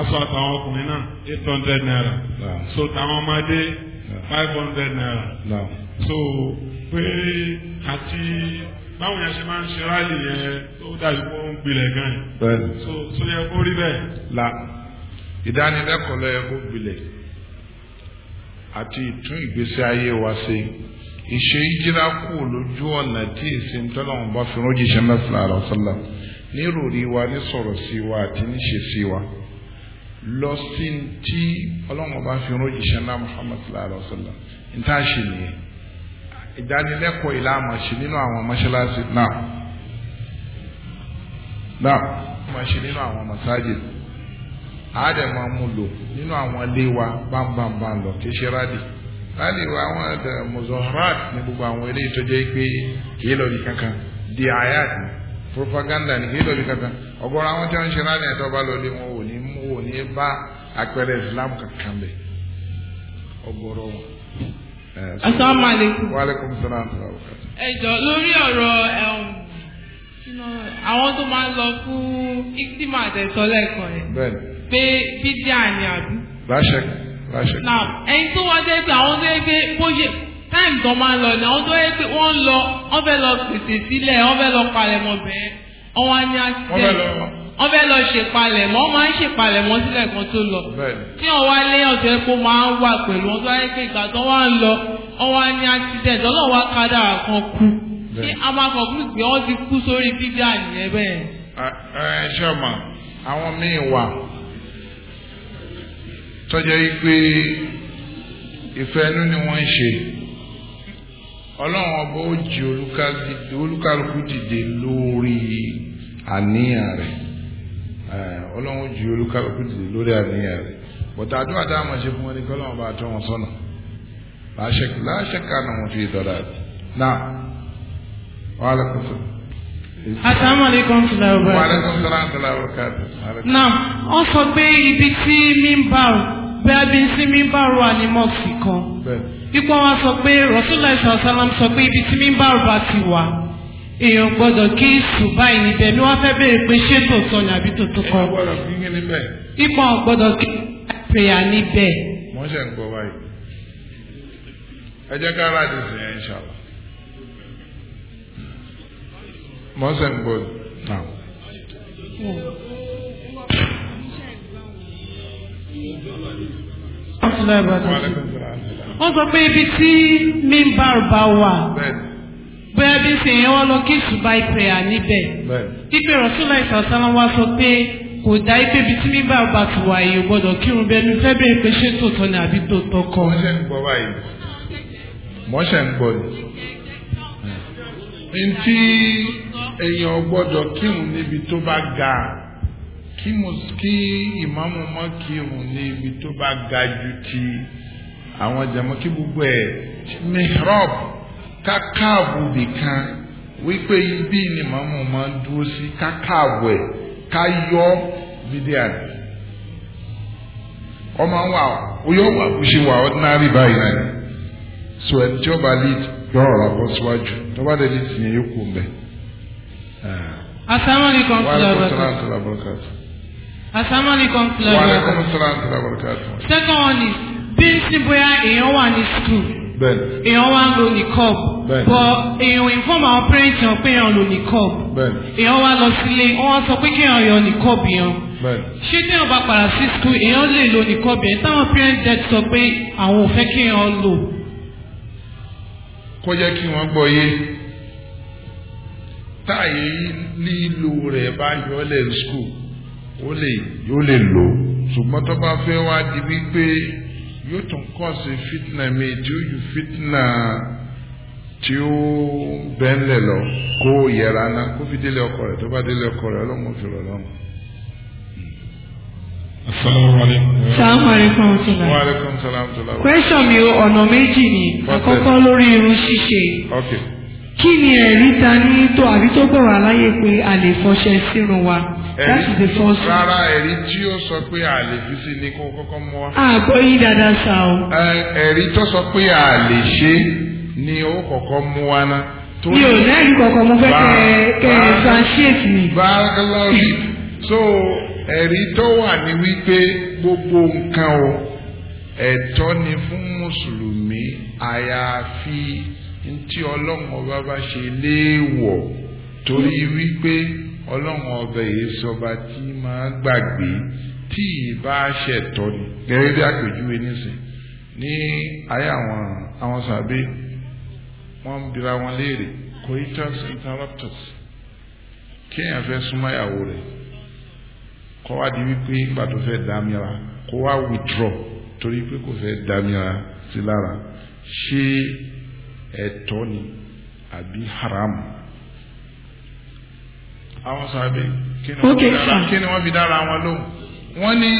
aṣọ àtàwọn ọkùnrin náà eight hundred naira so tàwọn ọmọdé five hundred naira so pé àti báwọn yẹn ṣe máa ń ṣe ráàlì yẹn tó dàbí kó ń gbilẹ̀ gan-an so so yẹ kó rí bẹ́ẹ̀. la ìdánilẹ́kọ̀ọ́ ló yẹ kó gbilẹ̀ àti ìtún ìgbésí ayé wa ṣe ìṣe ìjìlá kù lójú ọ̀nà tí ìsìn tọ́lọ́run bá fi rán jíṣẹ́ mẹ́fìlá àlọ́ sọ́lá nírò rí wa ní sọ̀rọ̀ sí wa àti níṣe sí wa lọ sí tí ọlọ́run ọba fi rán òjíṣẹ́ ńlá muhammad sallallahu alayhi wa sallam n tá a ṣe nìyẹn ìdánilẹ́kọ̀ọ́ ìlà àmọ̀ṣe nínú àwọn mọ́ṣáláṣí náà náà àmọ̀ṣe nínú àwọn mọ́ṣáájì àádẹ́ máa mú lò nínú àwọn ilé wa bámbámbám lọ kì í ṣe rádì rádì wa àwọn ẹ̀dẹ̀ muzoharat ní gbogbo àwọn eléyìí tó jẹ́ pé kì í lọ bí kankan di ayat propaganda ní kì í lọ bí kankan ọ̀gọ̀rọ̀ àwọn tí wọ́n ń ṣe rádì ẹ̀tọ́ bá lọ lé wọn ò ní ní bá Islam kankan bẹ ọgọrọ wọn. asalaamualeykum. wa salaam wa rahmatulah. ẹ jọ lórí ọ̀rọ̀ àwọn tó máa ń lọ fún iktima àtẹ̀sọ́ lẹ́ẹ̀kan yẹn. bẹ́ẹ̀ni. pé bídíà ni àbí. láṣẹ láṣẹ. na ẹni tó wá dé pé àwọn tó yẹ pé bóyè táìmù tó máa ń lọ ni àwọn tó yẹ pé wọ́n lọ wọ́n fẹ́ lọ pèsè sílẹ̀ wọ́n fẹ́ lọ palẹ̀mọ́ bẹ́ẹ̀ wọ́n wá ní àtìlẹ́yìn. wọ́n fẹ́ lọ wọ́n fẹ́ lọ ṣèpalẹ̀mọ́ wọ́n máa ń ṣèpalẹ̀mọ́ sílẹ̀ kan tó lọ. tí wọ́n wá lé ọ̀tẹ̀ kó máa ń wà pẹ̀lú wọn tó wáyé pé ìgbà tó wá ń lọ wọ́n wá ní accident ọlọ́run wá kádàrà kan kú. ṣé a máa conclude pé wọ́n ti kú sórí bíbíà nìyẹn bẹ́ẹ̀. ẹ ṣe ọmọ àwọn míì wà tọ́jà yìí pé ìfẹ́ inú ni wọ́n ń ṣe ọlọ́run ọba ó jí olúkálukú dìde lórí àníyàn rẹ̀. Eh, ọlọ́run ju olúkálukú dìde lórí àníyàn rẹ̀ bọ̀tà àdúrà tá a máa ṣe fún wọn ni kí ọlọ́run bá tọ́ wọn sọ́nà láṣẹ kánà wọn fi ìtọ́ra rẹ̀ náà wà á lẹ́kọ̀ọ́ sọ. asalaamualeykum salaam wa aleykum salaam wa rahmatulahi. náà ó sọ pé ibi tí mímbàrú bẹ́ẹ̀ bí sí mímbàrú wà ní mọ́ọ̀sì kan. pípọ́n wa sọ pé rọ́sùlẹ̀ sọ pé ibi tí mímbàrú bá ti wà èèyàn gbọ́dọ̀ kí sùn báyìí níbẹ̀ mi wọ́n fẹ́ béèrè pé ṣé tòótọ́ ni àbí tòótọ́ kọ́. èèyàn gbọ́dọ̀ kí yín níbẹ̀. ipò gbọ́dọ̀ kí prayer níbẹ̀. wọ́n ṣe ń gbọ́ báyìí ẹ jẹ́ ká láti sìn yẹn inshallah. wọ́n ṣe ń gbọ́ náà. wọ́n sọ pé ibi tí mímbà bá wà. bẹ́ẹ̀ni bóyá bí sì ń wọ́n lọ kí ṣùgbọ́n ìpẹ̀yà níbẹ̀. ipe rọ̀ṣúlá ìsàsánà wa sọ pé kò dá ipe bíi tí nígbà bá ti wà yìí gbọ́dọ̀ kírun bẹ́ẹ̀ ni fẹ́ bẹ́ẹ̀ pé ṣé tòótọ́ ni àbí tòótọ́ kọ́. mọ́ṣẹ́ ń gbọ́ báyìí mọ́ṣẹ́ ń gbọ́ ni. ntí èèyàn gbọ́dọ̀ kírun níbi tó bá ga kí ìmáàmù mọ́ kírun níbi tó bá ga ju ti àwọn jàmọ́ kí gbogbo ẹ̀ mihrab kákààbò nìkan wípé ibi ni màmú máa ń dúró sí kákààbò ẹ̀ ká yọ bídíà ọmọ wa oyọ wà kó ṣe wà ordinary báyìí náà ni so ẹni tí ó bá lead yọrọ rà bọ́ síwájú tó bá dẹ̀ lead yẹn yóò kú mbẹ́. asalaamualeykum salaam barakatu. asalaamualeykum salaam barakatu. wa aleykum salaam barakatu. second one is bí n sì bóyá èèyàn wà ní school bẹ́ẹ̀ni. èèyàn wá ń lo nìkọ́ọ̀b. bẹ́ẹ̀ni. bọ èèyàn inform àwọn parents yàn pé èèyàn lo nìkọ́ọ̀b. bẹ́ẹ̀ni. èèyàn wá lọ sílé wọ́n sọ pé kéèyàn yọ nìkọ́ọ̀b yẹn. bẹ́ẹ̀ni. ṣé téèyàn bá padà sí school èèyàn lè lo nìkọ́ọ̀b yẹn táwọn parents dẹ̀ sọ pé àwọn ò fẹ́ kéèyàn lò. kó jẹ́ kí wọ́n gbọ́ yé táyé lílo rẹ̀ bá yọ lẹ́nu school ó lè lò ṣùgbọ́n tó bá fẹ́ wá di wípé yóò tún kọ́ọ̀sì fitna mi tí ó fitna tí ó bẹ́ńlẹ̀ lọ kó yẹra ná kó fi délé ọkọ rẹ̀ tó bá délé ọkọ rẹ̀ ọlọ́mọ fi rọ̀ lọ́mọ. asalaamualeykum. salaamualeykum ọ̀túnla. waaleykum salaam ọ̀túnla. kwẹ́sọ̀n mi ọ̀nà méjì ni àkọ́kọ́ lórí irun ṣíṣe. kí ni ẹ̀rí ta ní tó àbí tó gbọ̀rọ̀ aláyè pé a lè fọṣẹ sírun wa that is the first one. rárá ẹ̀rí tí ó sọ pé a lè fi sí ni kó kọ́kọ́ mú wa. àgbọ̀ yín dáadáa sá o. ẹ̀rí tó sọ pé a lè ṣe ni ó kọ́kọ́ mú wa ná. mi ò lẹ́rìí kankan mo fẹ́ kẹ́ ẹ translate mi. so ẹ̀rí tó wà ní wípé gbogbo nǹkan o ẹ̀tọ́ ni fún mùsùlùmí àyàfi ntí ọlọ́run ọba bá ṣe léèwọ̀ torí wípé. Mm -hmm ọlọ́run ọbẹ̀ yìí sọba tí máa gbàgbé tí ìbá ṣẹ̀tọ́ ni gẹ́gẹ́ bí àpèjúwe nísìn ní ayé àwọn àwọn wọ́n ń bira wọn léèrè coitus interruptus kéèyàn fẹ́ súnmọ́ ìyàwó rẹ̀ kọ́ wá di wípé nígbà tó fẹ́ dámìíra kó wá withdraw torí pé kò fẹ́ dámìíra sí lára ṣé ẹ̀tọ́ ni àbí haram àwọn sàbẹ̀ kí ni wọ́n fi dára wọn lóhùn wọ́n ní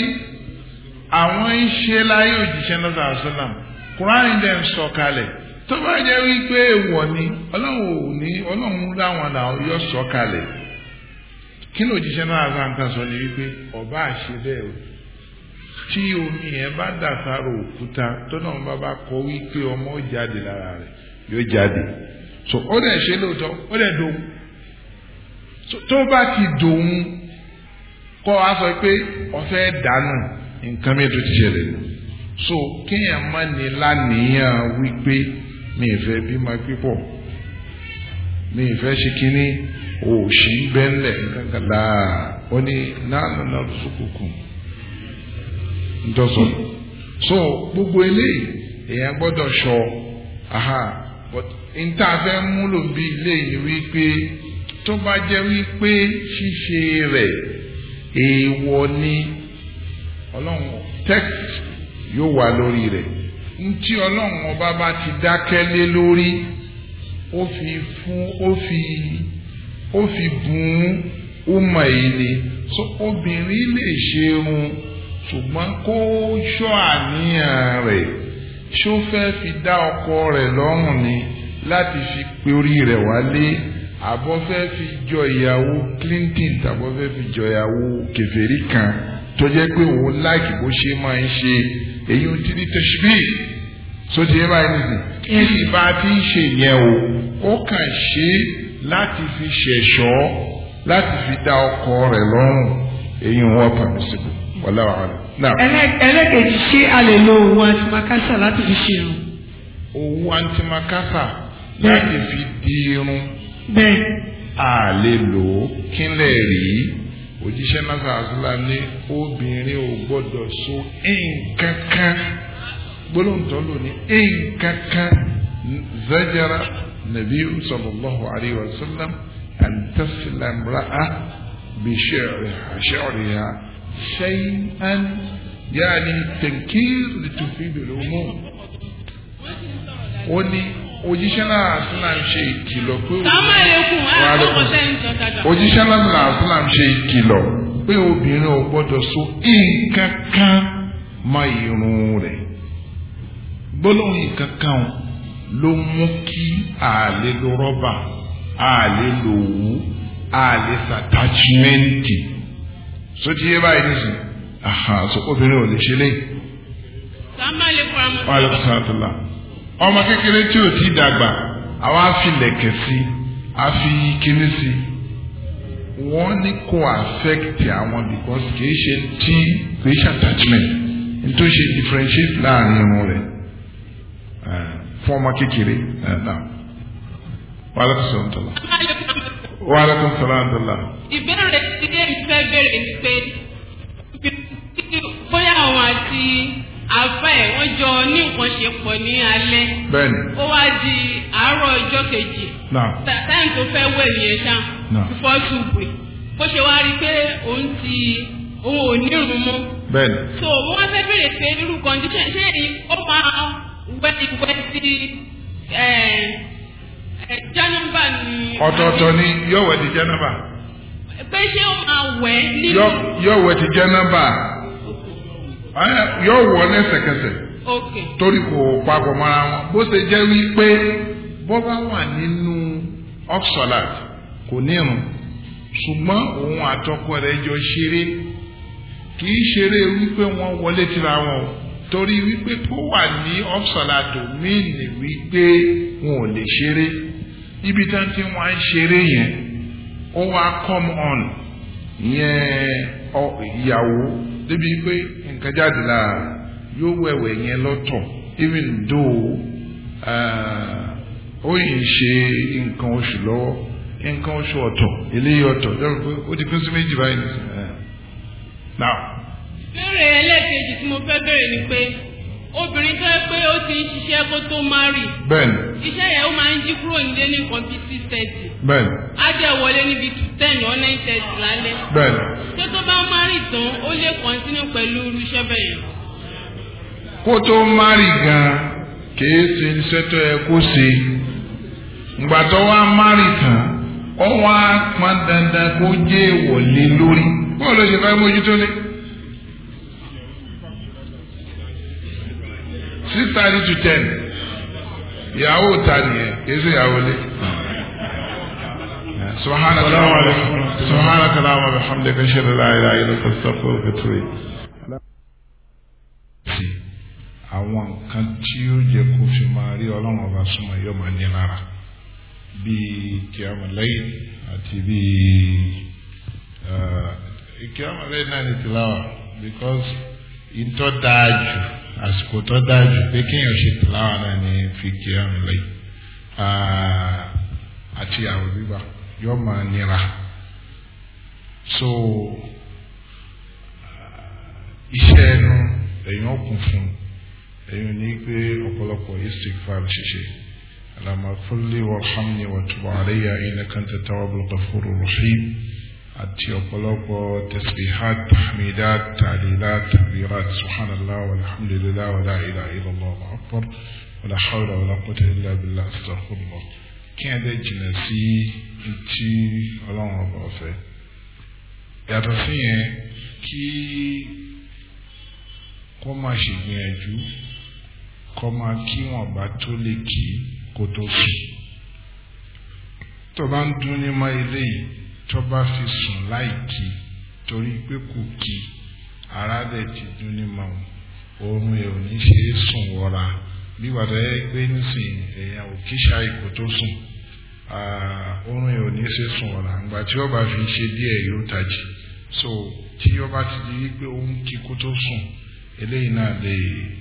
àwọn ń ṣe láyé òjíṣẹ́ náà sàásùlám kúránì dẹ̀ ń sọ kalẹ̀ tó bá jẹ́ wípé èèwọ̀ ni ọlọ́run ò ní ọlọ́run láwọn làwọn yọ sọ kalẹ̀ kí ni òjíṣẹ́ náà sàǹkà sọ ni wípé ọba àṣẹ bẹ́ẹ̀ o tí omi yẹn bá dàtàrò òkúta tó náà bá bá kọ wípé ọmọ jáde lára rẹ̀ yóò jáde so ó dẹ̀ ṣe lóòótọ́ ó dẹ̀ dogun tó bá ti dòun kọ́ a sọ pé ọ̀fẹ́ dànù nǹkan mi tó so kéèyàn má ní lánìyàn wípé mi ì fẹ́ bímọ pípọ̀ mi ì fẹ́ ṣe kínní òòṣì ń ó ní so gbogbo eléyìí èèyàn gbọ́dọ̀ sọ aha but n ta fẹ́ múlò bí ilé wípé. tó bá jẹ́ wípé ṣíṣe rẹ̀ èèwọ̀ ni ọlọ́run text yóò wà lórí rẹ̀ ntí ọlọ́run ọba bá ti dákẹ́ lé lórí ó fi fún ó fi ó fi bùn ó mọ̀ èyí ni so obìnrin lè ṣe irun ṣùgbọ́n kó ṣọ́ àníyàn rẹ̀ ṣó fẹ́ fi dá ọkọ rẹ̀ lọ́rùn ni láti fi pe orí rẹ̀ wálé àbọ̀fẹ́ fi jọ ìyàwó Clinton tàbọ̀fẹ́ fi jọ ìyàwó kèfèrí kan tó jẹ́ pé òun láìkì bó ṣe máa ń ṣe èyí ń tiri tẹ̀síbí sóti ẹ̀ báyìí nìyí kí ìbá ti ń ṣe yẹn o ó kàn ṣe láti fi ṣẹ̀ṣọ́ láti fi dá ọkọ rẹ̀ lọ́rùn èyí wọn pàmísìkò wọlé wàhálà. ẹlẹ́kẹ̀jì ṣé a lè lo òwú antimakasa láti fi ṣe irun. òwú antimakasa láti fi di irun ní àlè lò ó kínlẹ̀ rí òjíṣẹ́ náà àṣìlá ní obìnrin ò gbọ́dọ̀ so nǹkan kan gbólóǹtọ́ lò ní nǹkan kan zajara nabiyu sallallahu alayhi wa sallam an taslam ra'a bi shi'riha shi'riha shay'an yani tankir li tufidu ó ní òjíṣẹ́ náà sílám ṣe ìkìlọ̀ pé òjíṣẹ́ náà sílám ṣe ìkìlọ̀ pé obìnrin ò gbọ́dọ̀ so nǹkan kan mọ irun rẹ̀ gbólóhùn nǹkan kan ló mú kí àlè lo rọ́bà àlè lo òwú àlè sàtàjìmẹ́ǹtì sótì yé báyìí nísìnyí obìnrin ò lè ṣe léyìí. sàmàlẹ́kùn àmọ́. wàhálà sàtàlá ọmọ kékeré tí ò ti dàgbà àwa fi lẹ̀kẹ̀ sí a fi kíní sí wọ́n ní kò affect àwọn because kì í ṣe tí kì í ṣe attachment nítorí ṣe differentiate láàrin irun rẹ̀ eh, fún ọmọ kékeré náà wàhálà kò sọ̀rọ̀ tọ́lá wàhálà kò sọ̀rọ̀ tọ́lá. ìbéèrè tí kẹ́hìn fẹ́ bẹ̀rẹ̀ ni pé bóyá àwọn àti àfa ẹ̀ wọ́n jọ ní nǹkan ṣe pọ̀ ní alẹ́. bẹ́ẹ̀ni. ó wá di àárọ̀ ọjọ́ kejì. táyì tó fẹ́ wẹ̀ nìyẹn ṣá. before ṣùgbọ́n bó ṣe wá rí i pé òun ti òun ò ní ìrùn mọ́. bẹ́ẹ̀ni. so wọ́n fẹ́ béèrè pé irú condition ṣé ó máa wẹ́ ìwẹ́ sí jẹ́nàbà ni. ọ̀tọ̀ọ̀tọ̀ ni yọ̀wẹ̀ ti jẹ́nàbà. pé ṣé ó máa wẹ̀ nínú. yọ̀wẹ̀ ti jẹ́nàbà yóò wọ lẹ́sẹ̀kẹsẹ̀ torí kò papọ̀ mọ́ra wọn bó ṣe jẹ́ wípé bó bá wà nínú oxalat kò ní irun ṣùgbọ́n òun àtọkọ rẹ̀ jọ ṣeré kì í ṣeré wípé wọ́n wọlé tira wọn o torí wípé kó wà ní oxalat míì ní wípé wọn ò lè ṣeré ibi tí wọ́n ti wá ń ṣeré yẹn ó wá come on yẹn ìyàwó débi pé nǹkan jáde lára yóò wẹ̀wẹ̀ yẹn lọ́tọ̀ even though uh, ó yìí ṣe nǹkan oṣù lọ́wọ́ nǹkan oṣù ọ̀tọ̀ eléyìí ọ̀tọ̀ dẹ́rù pé ó ti pín sí méjì báyìí nìyẹn. now. lórí ẹlẹ́ẹ̀kejì tí mo fẹ́ bẹ̀rẹ̀ ni pé. obìnrin tó yẹ pé ó ti ń ṣiṣẹ́ kó tó má rì. bẹ́ẹ̀ni. iṣẹ́ yẹn ó máa ń jí kúrò nílé ní nǹkan bíi six thirty. bẹ́ẹ̀ni. á jẹ́ wọlé níbi ten or nine thirty lálẹ́. bẹ́ẹ̀ni. tó tó bá má rì tán ó lè kó tó má rì gan-an kìí ṣe iṣẹ́ wá rì tán ó wá pọn dandan kó jẹ́ lórí bó thirty to ten ìyàwó ta nìyẹn kì í ṣe ìyàwó lé. سبحانك اللهم سبحانك اللهم وبحمدك اشهد ان لا اله الا انت استغفرك واتوب اليك àwọn nǹkan tí ó jẹ kó fi máa rí ọlọ́run ọba súnmọ́ yóò máa ní lára bíi kíámọ̀lẹ́yìn àti bíi uh, kíámọ̀lẹ́yìn náà ní tìláwà because ìtọ́ dáa jù àsìkò tó dájú pé kéèyàn ṣe tìláwà náà ní fi kíyàmù lẹ́yìn àti àwọn gbígbà yóò máa nira so iṣẹ́ ẹnu èyàn ọkùn fún èyàn ní pé ọ̀pọ̀lọpọ̀ istighfar ṣiṣẹ́ alamakulli warhamni wa tubu alayya innaka anta tawwabul ghafurur rahim àti ọ̀pọ̀lọpọ̀ tasbihat tahmidat talilat tabirat subhanallah walhamdulillah wala ilaha illallah wa akbar wala hawla wala quwwata illa billah astaghfirullah kí ẹ dẹ́ jìnnà sí ti ọlọ́run ọba ọ̀fẹ́ yàtọ̀ sí yẹn kí kó máa ṣègbìyànjú kó máa kí wọn bá tó lè kí kó tó sùn tó bá ń dún ní mọ́ eléyìí. tó bá fi sùn láìkí torí pé kò kí ara dẹ̀ ti dún ní oorun ẹ̀ ò ní ṣe é sùn wọ́ra bí wàtá yẹ pé nísìnyí èèyàn ò kí ṣá ikò tó sùn oorun ẹ̀ ò ní ṣe sùn wọ́ra tí ó bá fi ṣe díẹ̀ yóò tají so tí ti di wípé kí kó tó sùn eléyìí náà lè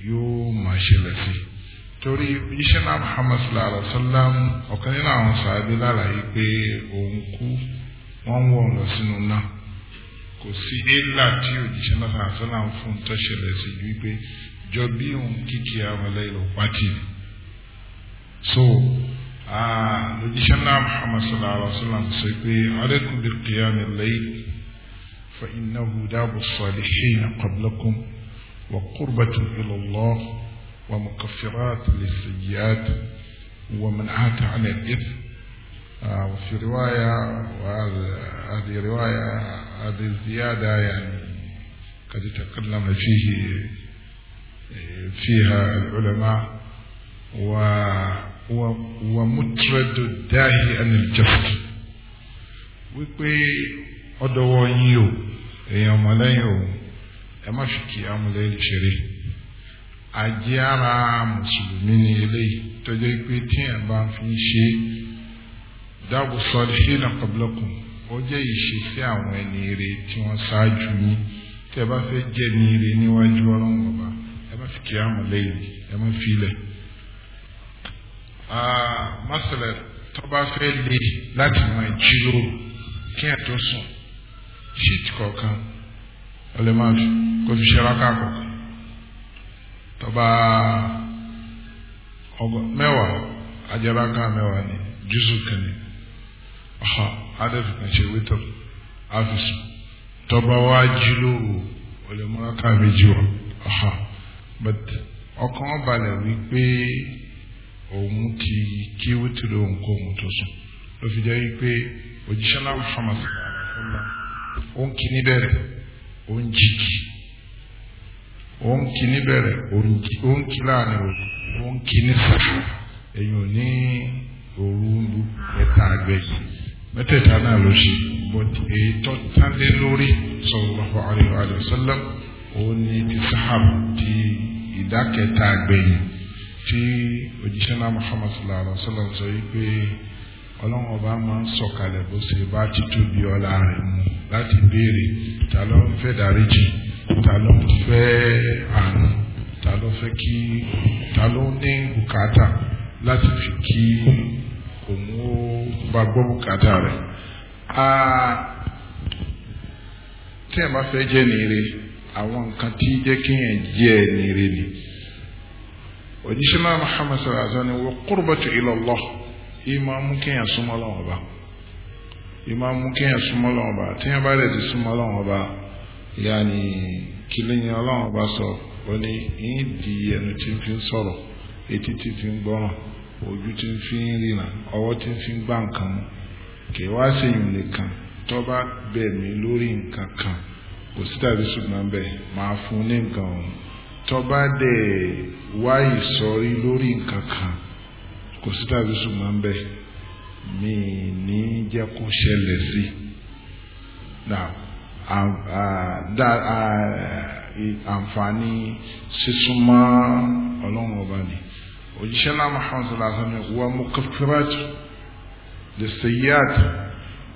yóò Muhammad sallallahu wa sallam ọ̀kan nínú àwọn sàábí lálàyé pé òun kú. wọ́n ń wọ̀ lọ sínú náà kò sí éèlà tí òjíṣẹ́ náà àṣálà ń fún tó ṣẹlẹ̀ sí wípé jọ bí òun kíkì àwọlẹ̀ ìlú pátì so òjíṣẹ́ náà Muhammad sallallahu alaihi wa sallam sọ pé alaykum bil qiyamil layl fa innahu daabu salihin qablakum wa qurbatu ila Allah wa mukaffirat lis sayyiat wa man'ata 'ala al-ithm وفي رواية وهذه رواية هذه الزيادة يعني قد تكلم فيه فيها العلماء و ومترد الداهي عن الجفت wípé ọdọwọ yín o èèyàn mọlẹyìn o ẹ má fi kí amúlẹyìn ṣeré ajé ara mùsùlùmí ni eléyìí tọjọ pé tíyẹn bá fi ń ṣe é dáàbò sọlíhìn àkọbílọ́kùn ó jẹ́ ìṣesí àwọn ẹni ire tí wọ́n ṣáájú yín tí ẹ bá fẹ́ jẹ́ ní ire níwájú ọlọ́run ọba ẹ má fi kí á mọ̀ lẹ́yìn ẹ má fi ilẹ̀. Ah, mọ́sálẹ̀ tó bá fẹ́ le láti máa jíròrò kí ẹ̀ tó sùn ṣíìtì kọ̀ọ̀kan ọ lè máa fi kó fi ṣe rákà tó bá mẹ́wàá ajẹ́rákà mẹ́wàá ni jùsù kìíní adẹ́fìkan ṣe wítọ̀ àfisùn tọba wa jí lóru olè mọ́ráká méjì wọ̀ but ọkàn balẹ̀ wípé òun ti kí wítìrì òun kó òun tó sùn ló fi jẹ́ wípé òjíṣẹ́ náà Muhammad ó ń kí níbẹ̀rẹ̀ ó ń jí kí ó ń kí níbẹ̀rẹ̀ ó ń kí láàrin òru ó ń ní sùn èyí ò ní òru mẹ́ta àgbẹ̀yìn mẹ́tẹ̀ẹ̀ta náà ló ṣe but èyí tó tánlé lórí sallallahu alaihi wa sallam òun ni ti sahab ti ìdákẹ́ta àgbẹ̀yìn tí òjíṣẹ́ náà Muhammad sallallahu alaihi wa sallam sọ wípé ọlọ́run ọba máa ń sọ̀kalẹ̀ bó ṣe bá títú bí ọlá rẹ̀ mu láti béèrè ta ló ń fẹ́ dáríjì ta ló ń fẹ́ àánú ta ló fẹ́ kí ta ló ń ní bùkátà láti fi kí òun ó bá gbọ́ bùkátà rẹ̀ tí ẹ̀ bá fẹ́ jẹ́ nire àwọn nǹkan tí jẹ́ kéèyàn jẹ́ nire ni òjíṣẹ́ náà sallallahu alaihi wa sallam wọ́n qurbatu ila Allah ìmọ̀ mú kéèyàn súnmọ́ lọ́wọ́ bá ìmọ̀ mú kéèyàn súnmọ́ lọ́wọ́ bá tí wọ́n bá rẹ̀ ti súnmọ́ lọ́wọ́ bá yàní kìlẹ̀yìn ọlọ́wọ́ bá sọ ó ní ìdí ẹnu tí ń fi sọ̀rọ̀ etí tí ń gbọ́ràn. ojú tí ń fi ń ríran ọwọ́ tí ń fi ń gbá nǹkan mú kì í wá sèyìn nìkan tó bá bẹ̀ mí lórí nǹkan kan kò sí tàbí ṣùgbọ́n bẹ́ẹ̀ máa fún ní nǹkan ọ̀hún tó bá dẹ̀ wá lórí nǹkan kò sí mi ní jẹ́ kó ṣẹlẹ̀ sí àǹfààní sísúnmọ́ ọlọ́run ọba òjíṣẹ́ náà Muhammad sallallahu alaihi wasallam wa mukaffirat lè sèyíàt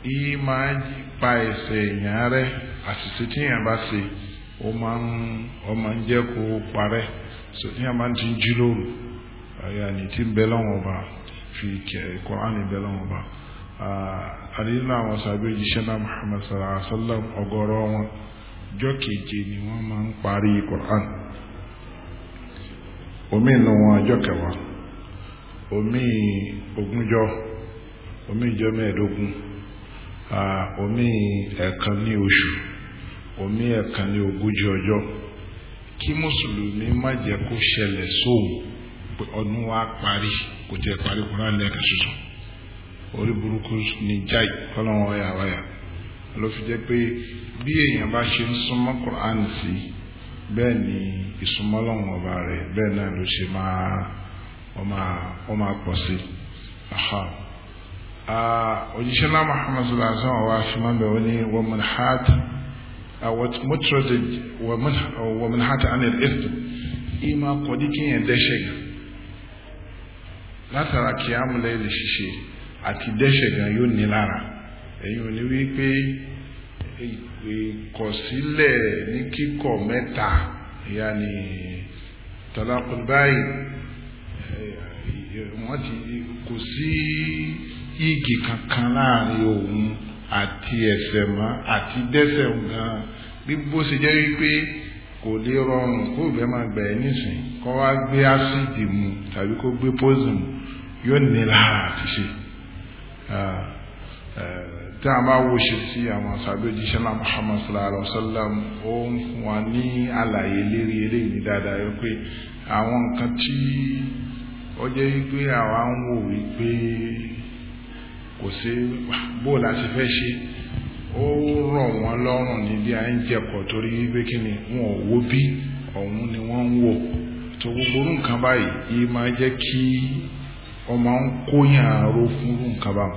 yìí máa ń pa ẹ̀ṣẹ̀ èèyàn rẹ àṣìṣe tí èèyàn bá ṣe ó máa ń ó máa ń jẹ́ kó parẹ́ so èèyàn máa ń ti jí lóru àyà ní tí ń bẹ lọ́wọ́ ọba fi Kùránì bẹ lọ́wọ́ ọba àdínlá àwọn sàbẹ̀ òjíṣẹ́ náà Muhammad sallallahu alaihi wasallam ọgọ́rọ̀ wọn jọ́ keje ni wọ́n máa ń parí Kùránì omi nù wọn ọjọ́ kẹwàá omi ogúnjọ́ omi ìjọ mẹ́ẹ̀ẹ́dógún omi ẹ̀ẹ̀kan ní oṣù omi ẹ̀ẹ̀kan ní ogójì ọjọ́ kí mùsùlùmí má jẹ́ kó ṣẹlẹ̀ sóhun pé ọdún wa parí kò tiẹ̀ parí kúrò alẹ́ kan ṣoṣo orí burúkú ni jáì kọ́lọ́wọ́n ọ̀yà wáyà ló fi jẹ́ pé bí èèyàn bá ṣe ń súnmọ́ Kùránì sí i bẹ́ẹ̀ ni ìsúnmọ́lọ́wọ́n ọba rẹ̀ bẹ́ẹ̀ náà ló ṣe máa ọ máa pọ̀ sí òjíṣẹ́ náà Muhammad sallallahu alaihi wa sallam wa fi máa bẹ̀ wọ́n ní wọ́n mọ̀ hàtà ومتردد ومنحت عن الإثم إما قديك يندشق látara àti dẹ́ṣẹ̀ yóò ní lára ẹ̀yin ò ní ìkọ̀sílẹ̀ ní kíkọ̀ mẹ́ta ìyá ni talaqul ba'i kò sí igi kankan láàrin òun àti ẹsẹ̀ mọ́ àti dẹ́sẹ̀ gan bí bó jẹ́ wípé kò lè rọrùn kó ìgbẹ́ máa gbẹ̀ ẹ́ nísìn kó wá gbé ásìdì mu tàbí kó gbé pósì yóò nílára àti ṣe. tí a bá wo ṣe sí àwọn sàbẹ̀ òjíṣẹ́ Muhammad sallallahu alaihi wa sallam ó ń fún wa ní àlàyé lérí eléyìí ní dáadáa yẹ pé àwọn nǹkan tí ó jẹ́ wípé àwa ń wò wípé kò sí bó la ṣe fẹ́ ṣe ó rọ̀ wọ́n lọ́rùn níbi à ń jẹ̀kọ̀ torí wípé kí ni wọn ò wó bí ọ̀hún ni wọ́n ń wò tó gbogbo orú nǹkan báyìí yìí máa jẹ́ kí ọmọ ń kóyàn àrò fún orú nǹkan báyìí.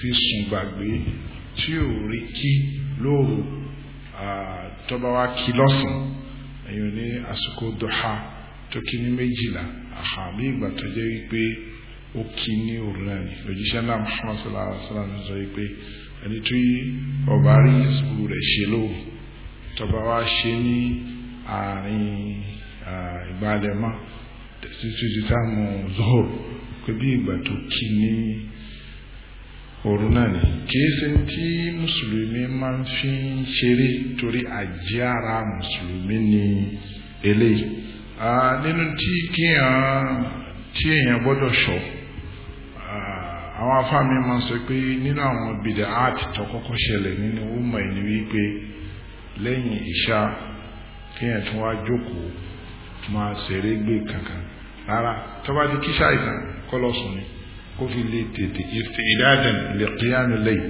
fi sùn gbàgbé tí ò rí kí lóru tọ́ba wa kí lọ́sàn-án ẹ̀yìn ní àsìkò dọ́ha tó kí ní méjìlá àhàbí ìgbà tó jẹ́ wípé ó kí ní òru náà ni lójíṣẹ́ náà Muhammad sallallahu alaihi wasallam sọ wípé ẹni tó yí ọba rí ìṣubú rẹ̀ ṣe lóru tọ́ba wa ṣe ní àárín ìgbàlẹ̀ mọ́ títí títí táwọn zohor pé bí ìgbà tó kí ní òru náà ni kìí ṣe tí mùsùlùmí máa ń fi ṣeré torí àjẹ ara mùsùlùmí ni eléyìí nínú tí kíyàn tí èèyàn gbọ́dọ̀ ṣọ́ àwọn afáàmì máa ń sọ pé nínú àwọn bìdà áàtì tó kọ́kọ́ ṣẹlẹ̀ nínú ọmọ ẹni wípé lẹ́yìn ìṣá kíyàn tún wá jókòó máa ṣeré gbé kankan rárá tó bá di kíṣà ìtàn kọ́ lọ́sùn ni kó fi lè tètè ìsìndáàdàn lè kíyàmù lẹ́yìn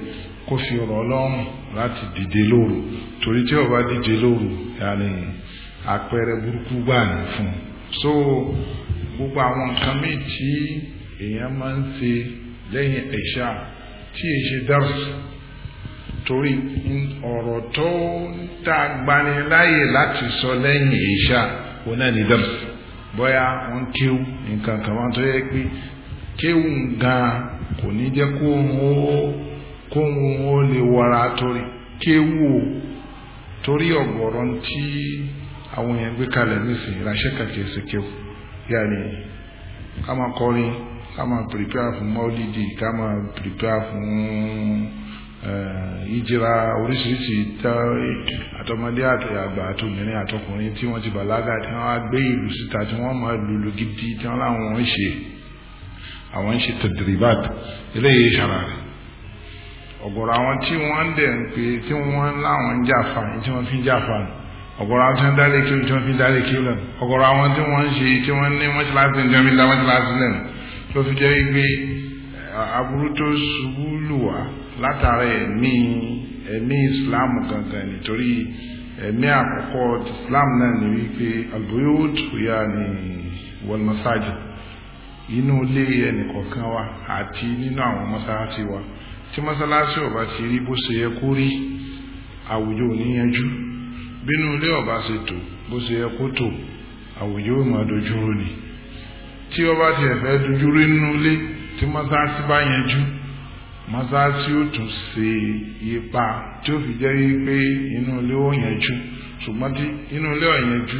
kó fi rọ̀ lọ́rùn láti dìde lóru torí tí ó bá dìde lóru yàrá àpẹẹrẹ burúkú so gbogbo àwọn nǹkan míì tí èèyàn máa ń ṣe lẹ́yìn ẹ̀ṣà tí èyí ṣe dárùsù torí ọ̀rọ̀ tó ń ta gbaniláyè láti sọ lẹ́yìn ẹ̀ṣà òun náà ní dárùsù bóyá wọ́n kéwú kan wọ́n tó yẹ pé kéwùn gan kò ní jẹ́ kóhun ó lè wọra torí kéwù o torí ọ̀gọ̀rọ̀ tí àwọn èèyàn gbé kalẹ̀ nísìnyí ránṣẹ́ kàkiri sí kéwù yáni ká máa kọrin ká máa prepare fún mọ́lídì ká máa prepare fún eh, ìjìra oríṣiríṣi àtọmọdé àtàgbà àtòmìnrin àtọkùnrin tí wọ́n ti bàlágà tí wọ́n á gbé ìlú síta tí wọ́n máa lùlù gidi tí wọ́n láwọn ń ṣe àwọn ń ṣe tadribat eléyìí ṣara rẹ̀ ọ̀gọ̀rọ̀ àwọn tí wọ́n ń dẹ̀ ń pè tí wọ́n láwọn ń jàfa ní tí wọ́n fi ń jàfa nù ọ̀gọ̀rọ̀ àwọn tí wọ́n dálé kí tí wọ́n fi dálé kí lẹ́nu ọ̀gọ̀rọ̀ àwọn tí wọ́n ń ṣe tí wọ́n ní mọ́ṣáláṣí ní wọ́n fi dá mọ́ṣáláṣí lẹ́nu tó fi jẹ́ pé eh, aburú tó ṣubú lù wá látara ẹ̀mí ẹ̀mí Islam gangan nítorí ẹ̀mí àkọ́kọ́ Islam náà ní wípé albuyut òyà ní wal masajid inú ilé ẹnìkọ̀ọ̀kan wa àti nínú àwọn mọ́sálásí wa tí mọ́sálásí ọba ti rí bó ṣe yẹ kó rí àwùjọ òníyanjú bínú ilé ọba ṣe tò bó ṣe yẹ kó tò àwùjọ ò máa dojúrú ni tí ọba ti ẹ̀fẹ́ dojúrú nínú ilé tí mọ́sálásí bá yanjú mọ́sálásí ó tún ṣe ipa tí ó fi jẹ́ wípé inú ilé ó yanjú ṣùgbọ́n tí inú ilé ó yanjú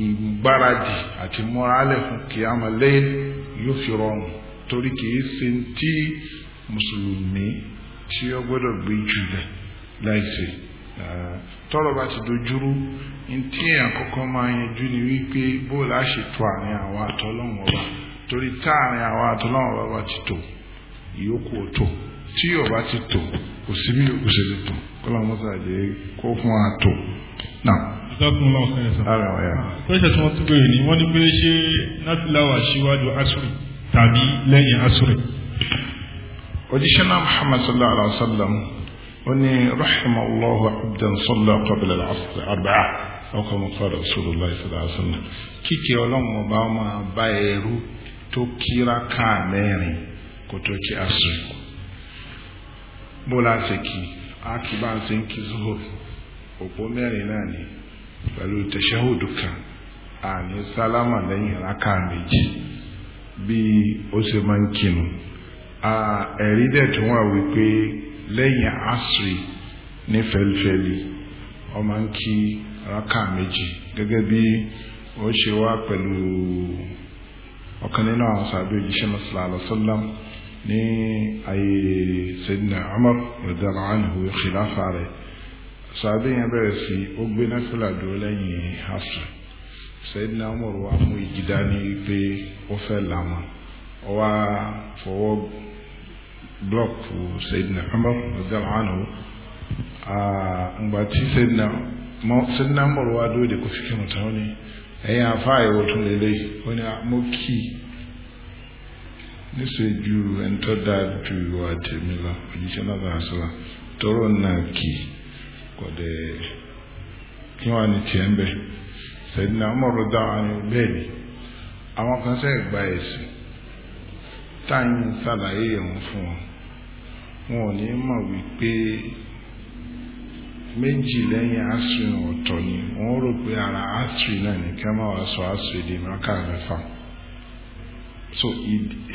ìgbáradì àti múralẹ̀ fún kìámà lẹ́yìn yóò fi rọrùn torí kìí ṣe tí mùsùlùmí tí ó gbọ́dọ̀ gbé jùlẹ̀ láìsí tọrọ bá ti dojúrú ntí àkọ́kọ́ máa yanjú ni wípé bóòlù àṣetò àárín àwọn àtọ́lọ́wọ́n ọba torí táàrin àwọn àtọ́lọ́wọ́n ọba ti tò ìyókù ọ̀tọ̀ tí yóò ti tò kò sí bí òṣèlú tò kọ́lá mọ́tàdé kó fún àtò lọ́kùnrin náà kẹrin sọ. ara ọ̀yà. pẹ́sẹ̀ tí wọ́n tún bèrè ni wọ́n ní pé ṣé náfìláwà síwájú asúrì tàbí lẹ́yìn asúrì. òjíṣẹ́ náà muhammad sallallahu alayhi wa sallam ó ní Allah abdan sallá qabla al-asr arba'a ọkọ̀ mu kọ́ rasulullah sallallahu alayhi wa sallam kíkẹ́ ọlọ́run ọba máa bá ẹrú tó kíra káà mẹ́rin kó tó kí asúrì. bó láti kí a kì bá ń ṣe ń kí zuhur òpó mẹ́rin náà ni pẹ̀lú tẹ̀síọ́hùdù kan àní sálámà lẹ́yìn rákà méjì bí ó ṣe máa ń kinu ẹ̀rí dẹ̀ tó wà wípé lẹ́yìn asri ní fẹ́lifẹ́li ó máa ń kí rákà méjì gẹ́gẹ́ bí ó ṣe wá pẹ̀lú ọ̀kan nínú àwọn sàbẹ̀ òjíṣẹ́ náà sallallahu alaihi wasallam ní ayé Sayyidina Umar radiyallahu anhu khilafa rẹ̀. sàbẹ yẹn bẹ̀rẹ̀ sí ó gbé náfìlà dúró lẹ́yìn ha sẹyìn amọrò wa mú igi dání pé ó fẹ́ làmà ó wá fọwọ́ blọọkù sẹyìn Umar radiyallahu anhu ǹgbà tí sẹyìn amọrò wa dúró de kò fi kí wọn ni ẹ̀yin afa ìwọ tún lélẹyìí ni mo kì í níṣẹ́ ju ẹ̀ńtọ́ dáa ju àtẹ̀mí lọ òjíṣẹ́ kọ̀dé kí wọ́n ní tiẹ̀ ń bẹ̀ dáhùn bẹ́ẹ̀ àwọn kan sẹ́ẹ̀ gba ẹ̀sìn táyìn ṣàlàyé ẹ̀hún fún wọn wọn ò ní mọ̀ wípé méjì lẹ́yìn asiri ọ̀tọ̀ ni wọ́n rò pé ara asiri náà ní kí wọ́n máa wá sọ asiri di mẹ́fà so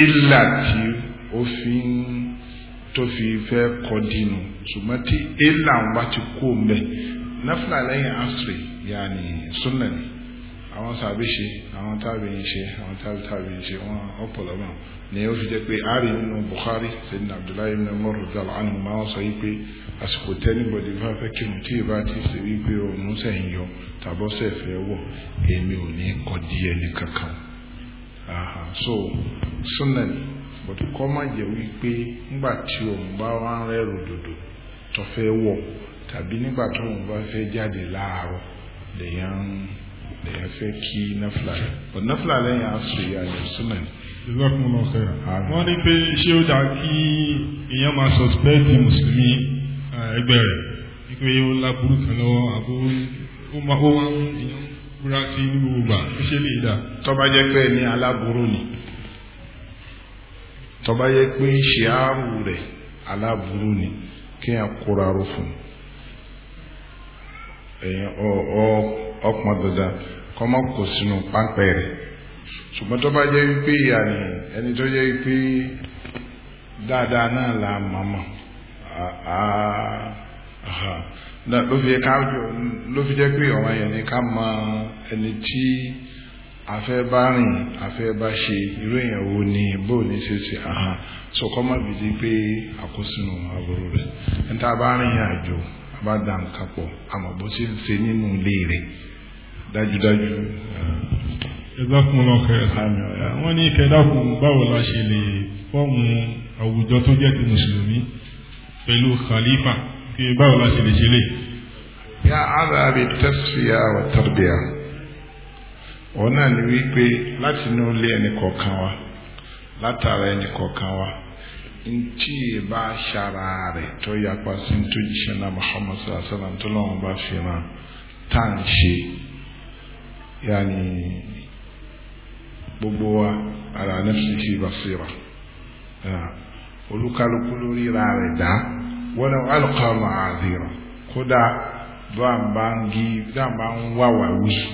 ìlà tí tó fi fẹ́ kọ́ dínú ṣùgbọ́n tí éèlà ń bá ti kó mbẹ́ náfìlà lẹ́yìn asiri yaani sunna ni àwọn sàbí ṣe àwọn tábì ń ṣe àwọn tábì tábì ń ṣe wọn ọ̀pọ̀lọpọ̀ ni ó fi jẹ́ pé ari nínú Bukhari sẹ́yìn Abdullahi ibn Umar rudal anu máa ń sọ yìí pé àsìkò tẹ́nibọ̀dì bá fẹ́ kí mo tí ì bá ti ṣe wípé òun sẹ́yìn yọ tàbọ́sẹ̀ fẹ́ wọ̀ èmi ò ní kọ́ díẹ̀ ní kankan so sunna ni but kọ́ má jẹ́ wípé nígbà tí òun bá wá ń rẹ́rù dòdò tó fẹ́ wọ̀ tàbí nígbà tó òun bá fẹ́ jáde láàárọ̀ lèyàn lèyàn fẹ́ kí náfìlà rẹ̀ but náfìlà lẹ́yìn aṣọ ìyá rẹ̀ súnà ni. ìlọ́kùnrin lọ fẹ́ wọ́n ní pé ṣé ó dáa kí èèyàn máa suspect mùsùlùmí ẹgbẹ́ rẹ̀ wípé ó láburú kan lọ́wọ́ àbó ó máa ń èèyàn búra sí gbogbo ìgbà ó ṣe lè dà. tó bá jẹ́ pé ní aláburú ni tọ́ba yẹ pé ṣe àrùn rẹ̀ aláburú ni kí a kóra ró fún ọpọn dandan kọ́mọ kò sínú páńpẹ́ rẹ̀ ṣùgbọ́n tọ́ba jẹ́ wípé ìyá ẹni tó jẹ́ wípé dáadáa náà la màmá ló fi jẹ́ pé ọ̀ràn yẹn ni ká mọ ẹni tí afẹ́ bá rìn afẹ́ bá ṣe irú èèyàn wo ni bó ní ṣe ṣe àhán sọkọ́ má fi di pé àkóṣinú aburú rẹ̀ níta bá rìn àjò bá nǹkan pọ̀ àmọ́ bó ṣe ń ṣe nínú ilé rẹ̀ dájúdájú. ẹ dákun lọ́kẹ́ wọ́n ní kẹ́ dákun báwo la ṣe lè fọ́ọ̀mù àwùjọ tó jẹ́ ti mùsùlùmí pẹ̀lú khalifa kí báwo la ṣe lè ṣe lè. yà á rà bí tasfiya wa tarbiya. òun náà ni wípé láti inú ilé ẹnì kọ̀ọ̀kan wa látara ẹnì kọ̀ọ̀kan wa ntí bá ṣara rẹ̀ tó yapa sí tó náà Muhammad sallallahu alaihi wa sallam tó lọ́wọ́ bá fi hàn tá ṣe yáni gbogbo wa ara nafsihi basira olúkálukú lórí ra dá wọn náà alqa ma'azira kódà bá ń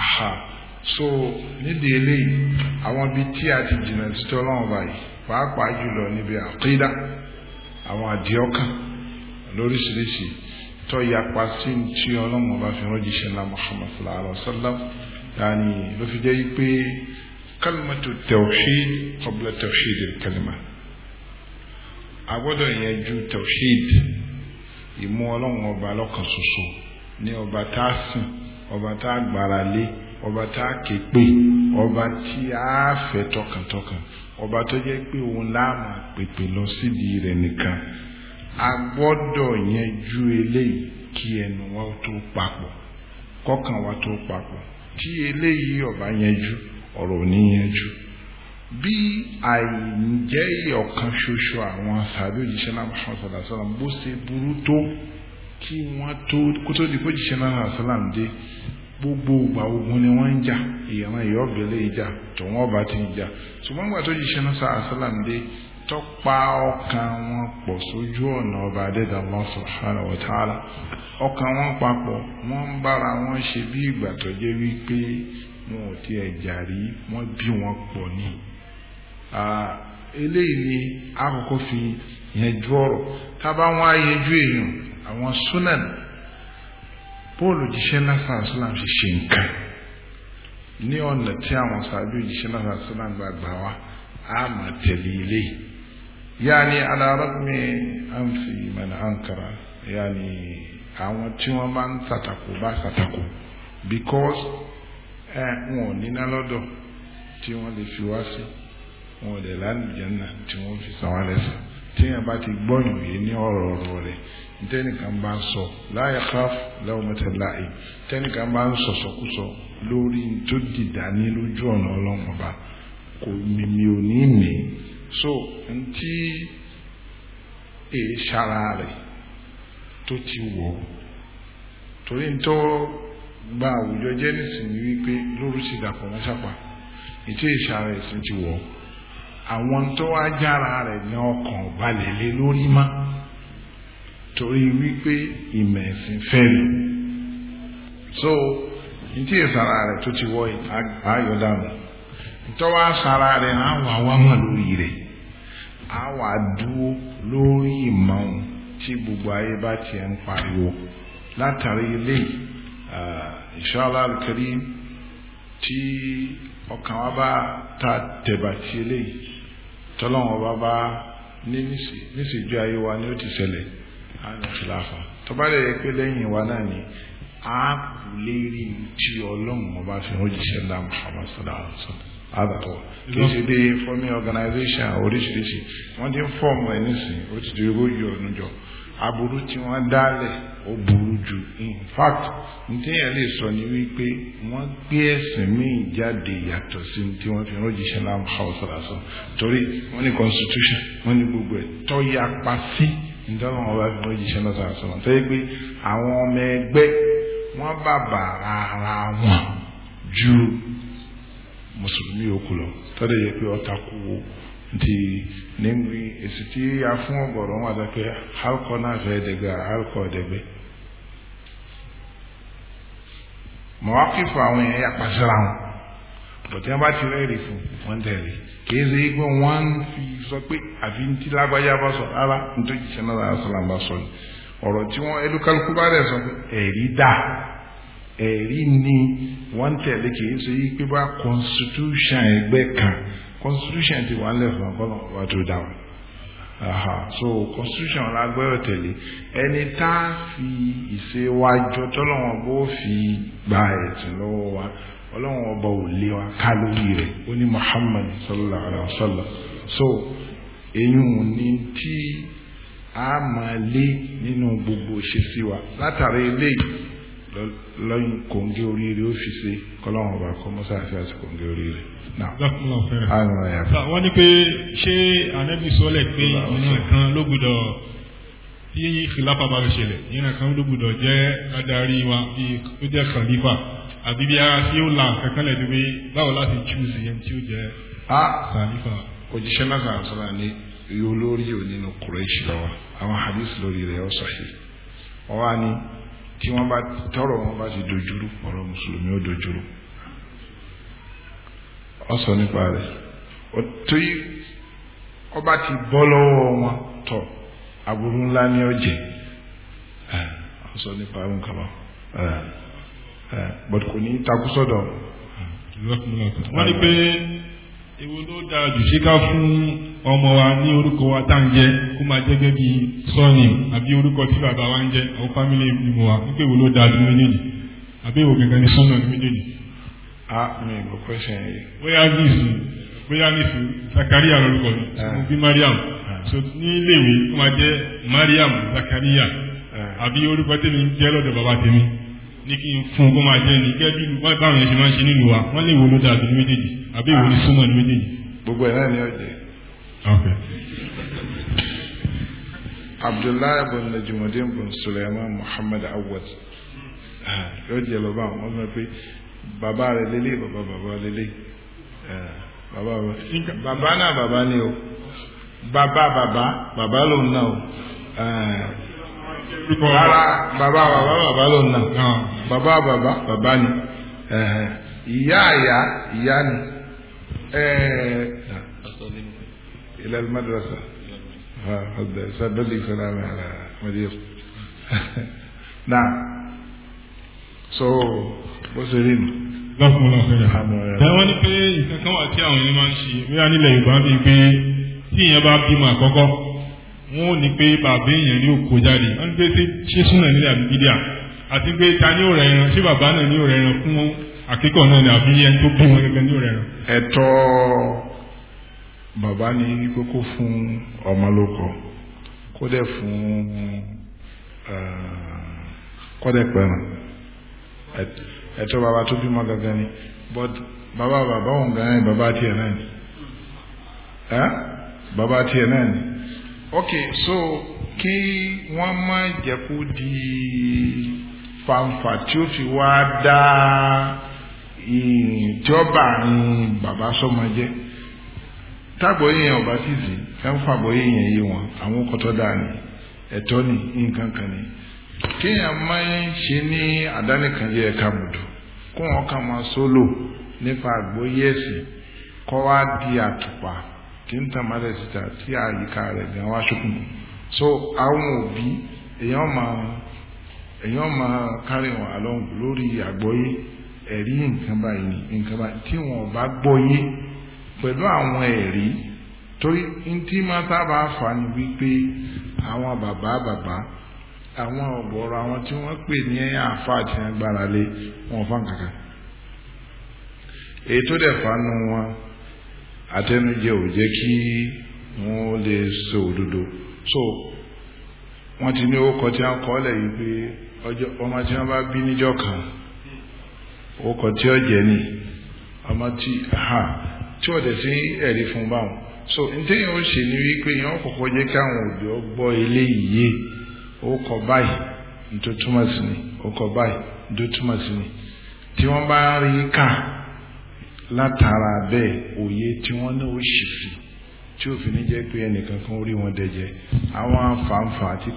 ha so nídìí eléyìí àwọn ibi tí a ti jìnnà títí ọlọ́run báyìí pàápàá jùlọ níbi àkídà àwọn àdìọ́kàn lóríṣiríṣi tó yapa sí tí ọlọ́run bá fi rọ́jíṣẹ́ ńlá Muhammad sallallahu alayhi wa sallam yaani ló fi jẹ́ pé kalimatu tawhid qabla tawhid kalima a gbọ́dọ̀ yẹn ju tawhid ìmú ọlọ́run ọba lọ́kan ṣoṣo ní ọba tá a sìn ọba tá a gbára lé ọba tá a ké pé ọba tí a fẹ́ tọkàntọkàn ọba tó jẹ́ pé òun láàmà pèpè lọ sídìí rẹ̀ nìkan a gbọ́dọ̀ yẹn ju eléyìí kí ẹnu wa tó papọ̀ kọ́kàn wa tó papọ̀ tí eléyìí ọba yẹn ju ọ̀rọ̀ ò bí àìjẹ́ ọ̀kan ṣoṣo àwọn sàbí òjíṣẹ́ náà Muhammad sallallahu bó ṣe burú tó kí wọ́n tó kó tó di pé jíṣẹ́ náà sálàm dé gbogbo ìgbà ogun ni wọ́n ń jà ìran ìyọ́bẹ̀lẹ̀ ìjà tó wọ́n bá ti ń jà ṣùgbọ́n ìgbà tó jíṣẹ́ náà sálàm dé tọ́pa ọkàn wọn pọ̀ sójú ọ̀nà ọba adẹ́dà Allah subhanahu wa ta'ala ọkàn wọn papọ̀ wọ́n ń bára wọn ṣe bí ìgbà tó jẹ́ wípé wọn ò tiẹ̀ jà rí wọ́n bí wọn pọ̀ ní. eléyìí ni àkọ́kọ́ fi yẹn ju ọ̀rọ̀ tá wọn á yẹjú èèyàn àwọn sunan bóòlù jíṣẹ́ lásán àṣùlám ṣe ṣe nǹkan ní ọ̀nà tí àwọn sàájú jíṣẹ́ lásán àṣùlám gbàgbà wa á mà tẹ̀lé ilé yaani alárọ́gbìn àǹfì mẹ́nà àǹkàrà yaani àwọn tí wọ́n máa ń sàtàkù bá sàtàkù because ẹ wọn ò níná lọ́dọ̀ tí wọ́n lè fi wá sí wọn ò lè lálùjẹ́ náà tí wọ́n fi san wá lẹ́sàn téèyàn bá ti gbọ́yàn yìí ní ọ̀rọ̀ ọ̀rọ̀ rẹ̀ tẹ́nìkan bá ń sọ láyé káf lawmata la'im tẹ́nìkan bá ń sọ̀sọ̀kúsọ lórí tó dìdá ní lójú ọ̀nà ọlọ́run ọba kò mímí ò ní mí so ntí e ṣara rẹ̀ tó ti wọ̀ torí ntọ́ gba àwùjọ jẹ́ nísìnyí wípé lóru ti dàpọ̀ mọ́sápá ètí èé ṣara ti wọ̀ ọ́ àwọn tó wá jára rẹ̀ ní ọkàn balẹ̀ lé lórí má torí wípé ìmọ̀ ẹ̀sìn fẹ́ẹ̀lì so ntí ìsara rẹ̀ tó ti wọ àyọ̀ dànù ntọ́wọ́ àsara rẹ̀ àwọn àwámọ̀ lórí rẹ̀ àwà dúró lórí ìmọ̀ tí gbogbo ayé bá tiẹ̀ ń pariwo látàrí ilé inshallah al-karim tí ọkàn wa bá ta tẹ̀bà eléyìí tọ́lọ́wọ́n bá bá ní níṣìjú ayé wa ni ó ti ṣẹlẹ̀ àmì ìfìlàfà tó bá lè pé lẹ́yìn wa náà ni a kù lérí tí ọlọ́run ọba fi hàn jíṣẹ́ ńlá Muhammad sallallahu alaihi wa sallam àbàtọ̀ kì í ṣe bí forming organization oríṣiríṣi wọ́n ti ń fọ́ọ̀mù ẹ̀ nísìnyí ó ti di ogójì ọdún jọ aburú tí wọ́n dálẹ̀ ó burú jù in fact ntẹ́yẹ̀ lè sọ ni wípé wọ́n gbé ẹ̀sìn míì jáde yàtọ̀ sí tí wọ́n fi rán jíṣẹ́ house lásán torí wọ́n ní constitution wọ́n ní gbogbo ẹ̀ tọ́ yapa sí ntọ́lọ́ wọn bá fi rán jíṣẹ́ náà sọ̀rọ̀ sọ̀rọ̀ pé àwọn ọmọ ẹgbẹ́ wọ́n bá bàrà ara wọn ju mùsùlùmí òkú lọ tọ́lẹ̀ yẹ pé ọ̀tá wo nti nengwi esiti afun ọgbọrọ wọn adapẹ halkọ náà fẹ dẹgbẹ halkọ dẹgbẹ mọwákìfọ àwọn yẹn yà pàṣẹra wọn bọtẹ bá ti rẹẹrì fún wọn tẹrí kìí ṣe pé wọn fi sọ pé àfi ntí lágbájá bá sọ rárá nítorí sẹnà àṣàlà bá sọ ni ọ̀rọ̀ tí wọn ẹlúkálukú bá rẹ sọ pé ẹrí dà ẹrí ni wọn tẹlẹ kìí ṣe pé bá constitution ẹgbẹ kan constitution ti wà ń lẹ̀ fún tó dá wa so constitution la gbọ́dọ̀ tẹ̀lé ẹni tá a fi ìṣèwájọ tọ́lọ́wọ́n bó fi gba ẹ̀sìn lọ́wọ́ wa ọlọ́wọ́n ọba ò lé wa ká lórí rẹ̀ ó ní Muhammad sallallahu alayhi wa sallam so eyín ò ní tí a máa lé nínú gbogbo ṣe sí wa látàrí eléyìí lọ́yìn kòǹgé oríire ó fi ṣe kọ́lọ́wọ́n ọba kọ́ mọ́sá àti àti kòǹgé oríire. wọ́n ní pé ṣé ànábì sọ́lẹ̀ pé ìran kan ló gbọ́dọ̀ tí ìfìlápá bá fi ṣẹlẹ̀ ìran kan ló gbọ́dọ̀ jẹ́ adarí wa bí ó jẹ́ kàlífà àbí bí ara tí ó la kankan lẹ̀ dúpẹ́ báwo láti chúùsì yẹn tí ó jẹ́ kàlífà. òjíṣẹ́ náà kà sọ́ra ní olórí òní ní kùrẹ́ṣì lọ́wọ́ àwọn hadith lórí rẹ̀ ọ̀sọ̀ yìí ọ̀wá ni tí wọ́n bá tọrọ wọn bá ti dojúrú ọ̀rọ̀ mùsùlùmí ó dojúrú ọ sọ nípa rẹ̀ torí ọba ti bọ́ lọ́wọ́ wọn tọ̀ aburú ńlá ni ó jẹ ọ sọ nípa rẹ̀ nǹkan bá bọ́dù kò ní takú wọ́n ní pé èwo ló dáa jù ṣe ká fún ọmọ wa ní orúkọ wa tá à ń jẹ kó máa jẹ́ gẹ́gẹ́ bí sọ́ọ̀nì àbí orúkọ tí bàbá wa ń jẹ àwọn fámìlì ìmọ̀ wa wípé wo ló da dúró méjèèjì àbí ìwò gẹ́gẹ́ ní sọ́nà ní méjèèjì. a mi ò kọ́ ṣe é. bóyá nísì bóyá nísì Zakaria lórúkọ mi ah. mo bí Mariam ah. so ní iléèwé kó máa jẹ́ Mariam Zakaria ah. àbí orúkọ tèmi ń jẹ́ lọ́dọ̀ bàbá tèmi ní kí n fún kó máa jẹ́ ní gẹ́gẹ́ bí báwọn yẹn ṣe máa ń ṣe nílùú wọ́n lè Okay. Abdullahi bin Najimuddin bin Sulaiman Muhammad Awad. Ah, yóò jẹ lọ bá wọn sọ pé bàbá rẹ̀ lélẹ̀ bàbá bàbá lélẹ̀. Ah, bàbá bàbá náà bàbá ni o. Bàbá bàbá bàbá lòun náà o. Ah, rárá bàbá bàbá bàbá lòun náà. Bàbá bàbá bàbá ni. Ìyá àyà ìyá ni. Eh, إلى المدرسة سبدي سلامي على مدير نعم so bó ṣe rí nù. lọ́kùnrin náà fẹ́rẹ̀ ẹ̀ wọ́n ní pé nǹkan kan wà tí àwọn èèyàn máa ń ṣe wíwá nílẹ̀ Yorùbá bíi pé tí èèyàn bá bímọ àkọ́kọ́ wọn ò ní pé bàbá èèyàn ní òkò jáde wọ́n ní pé ṣé súnà nílẹ̀ àbí bídíà àti pé ta ní òrẹ́ ẹran ṣé bàbá náà ní òrẹ́ ẹran fún akẹ́kọ̀ọ́ náà ní àbí ẹni tó bí wọn gẹ́gẹ́ ní òrẹ́ ẹran. ẹ̀tọ́ bàbá ní wípé kó fún ọmọ lóko kó dẹ̀ fún kó dẹ̀ ẹ̀tọ́ bàbá tó bímọ gangan ni but baba baba òun gan ni bàbá tiẹ̀ náà ni bàbá tiẹ̀ náà ni ok so kí wọ́n má jẹ́ kó di fanfa tí ó fi wá dá ìjọba àrùn bàbá sọmọ jẹ́ tágbọ̀ yẹn ọba sì sí ká ń fàgbọ̀ yẹn yé wọn àwọn kọ́tọ́ dáa ni ẹ̀tọ́ ni nǹkan kan ni kéèyàn máa ń ṣe ní àdánìkànjẹ ẹ̀ka bùdù kó wọn kà máa sólò nípa àgbóyè ẹ̀sìn kọ́ wá di àtùpà kí n tàn mọ́lẹ̀ síta tí àyíká rẹ̀ gan wá ṣókùn so àwọn òbí èèyàn máa èèyàn máa kárí wọn àlọ́ lórí àgbóyè ẹ̀rí nǹkan báyìí nǹkan báyìí tí wọn ò bá gbọ́yé pẹ̀lú àwọn ẹ̀rí torí ntí máa sábà fà ní wípé àwọn bàbá bàbá àwọn ọ̀bọ̀rọ̀ àwọn tí wọ́n pè ní ẹ̀yà àfa àti agbára lé wọn fà kankan èyí tó dẹ̀ fanu wọn àtẹnujẹ ò jẹ́ kí wọ́n lè sọ òdodo so wọ́n ti ní orúkọ tí wọ́n kọ́ lẹ̀ yìí pé ọmọ tí wọ́n bá bí níjọ́ kan orúkọ tí ó jẹ́ ni ọmọ tí ha. tí wọ́n tẹ̀ sí ẹ̀rí fún báwọn so ntẹ́yìn ó ṣe ni wípé yẹn kọ̀kọ́ jẹ́ kí àwọn òbí ọ gbọ́ eléyìí yé ó kọ báyìí nítorí túmọ̀ sí ni ó kọ báyìí túmọ̀ sí ni tí wọ́n bá rí kà látara bẹ́ẹ̀ òye tí wọ́n náà ó ṣì tí òfin jẹ́ pé ẹnìkan kan ó rí wọn àwọn àti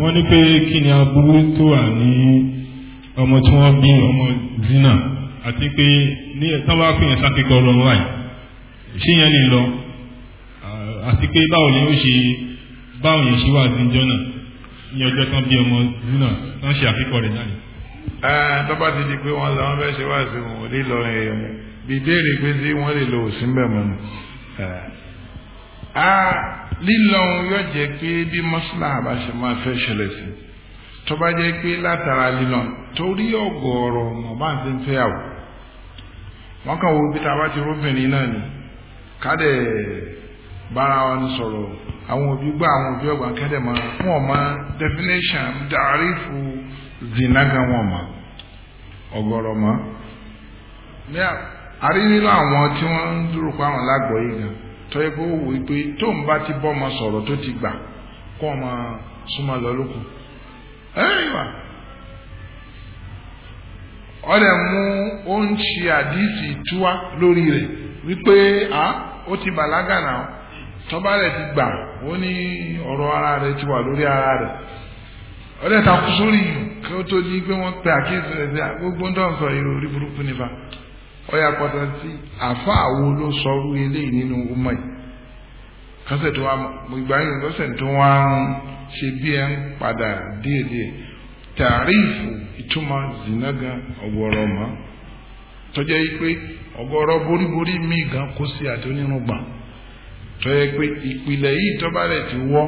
wọ́n ní pé kí ọmọ tí wọ́n bí ọmọ zina àti pé ní tábà pèyàn sákẹ́kọ̀ọ́ ọlọ́run láì ṣé yẹn lè lọ àti pé báwo ni ó ṣe báwo yẹn ṣe wà zinjọ́ náà ní ọjọ́ tán bí ọmọ zina tán ṣe àkẹ́kọ̀ọ́ rẹ̀ náà. ẹ tọ́ba ti di pé wọ́n lọ wọ́n fẹ́ ṣe wá sí wọn ò lè lọ èèyàn bí béèrè pé tí wọ́n lè lo òsín bẹ̀ mọ́nu lílọ yóò jẹ́ pé bí mọ́sálà àbáṣe máa fẹ́ ṣẹlẹ̀ sí i tó bá jẹ́ pé látara lílọ torí ọ̀gọ̀ọ̀rọ̀ ọmọ bá ń ti ń fẹ́ àwọ̀ wọ́n kàn wo bí tàbá ti róbìnrin náà ni kádẹ̀ bára wa ní sọ̀rọ̀ àwọn òbí gbà àwọn òbí ọgbà kẹ́dẹ̀ mọ́ wọn mọ́ definition dàrífù zinaga wọn mọ́ ọ̀gọ̀ọ̀rọ̀ mọ́ àrí nínú àwọn tí wọ́n ń dúró pa àwọn lágbọ̀ yìí gan tọ́ ẹ pé wò ó tóun bá ti bọ́ ọmọ sọ̀rọ̀ tó ti gbà kó ọmọ súnmọ́ lọ lókun. Ẹ̀yìnwá ọ̀rẹ́ mú o ń ṣe àdísì túwá lórí rẹ wípé a ó ti bàlágà náà tọ́ba rẹ̀ ti gbà ó ní ọ̀rọ̀ ara rẹ ti wà lórí ara rẹ ọ̀rẹ́ ta kú sórí kí ó tó di pé wọ́n pe àkíyèsí rẹ̀ gbogbo ń dọ̀nsọ orí burúkú nípa ọ̀yà pàtàkì àfa àwo ló sọ eléyìí nínú ọmọ yìí. lọ́sẹ̀ tó wá ìgbà yìí lọ́sẹ̀ tó wá ń ṣe bí ẹ ń padà díẹ̀díẹ̀ tàrífù ìtumọ̀ zinaga ọ̀gọ̀rọ̀ mọ́ tọ́jọ́ yìí pé ọ̀gọ̀rọ̀ boríborí míì gan kó sí àti onírúgba tọ́jọ́ pé ìpìlẹ̀ yìí tọ́ba rẹ̀ ti wọ́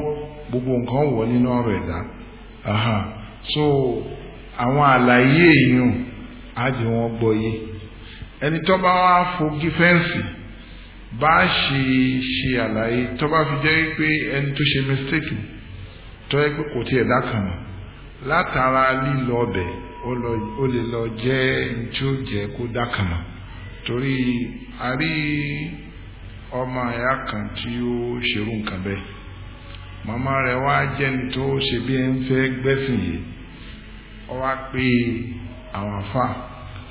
gbogbo nǹkan wọ̀ nínú ọ̀rọ̀ ẹ̀dá so àwọn àlàyé èèyàn á jẹ́ wọn gbọ́ yé ẹni tọ́ba wa fogi fẹ́ǹsì. bá a ṣe ṣe àlàyé tó bá fi jẹ́ pé ẹni tó ṣe mistake tó yẹ pé kò tiẹ̀ dákàn látara lílọ ọbẹ̀ ó lè lọ jẹ́ tí ó jẹ́ kó dákàn torí a rí ọmọ ẹ̀yà kan tí ó ṣerú nǹkan bẹ́ẹ̀ màmá rẹ̀ wá jẹ́ni tó ṣe bí ẹ ń fẹ́ gbẹ́sìn yìí ọ wá pé àwọn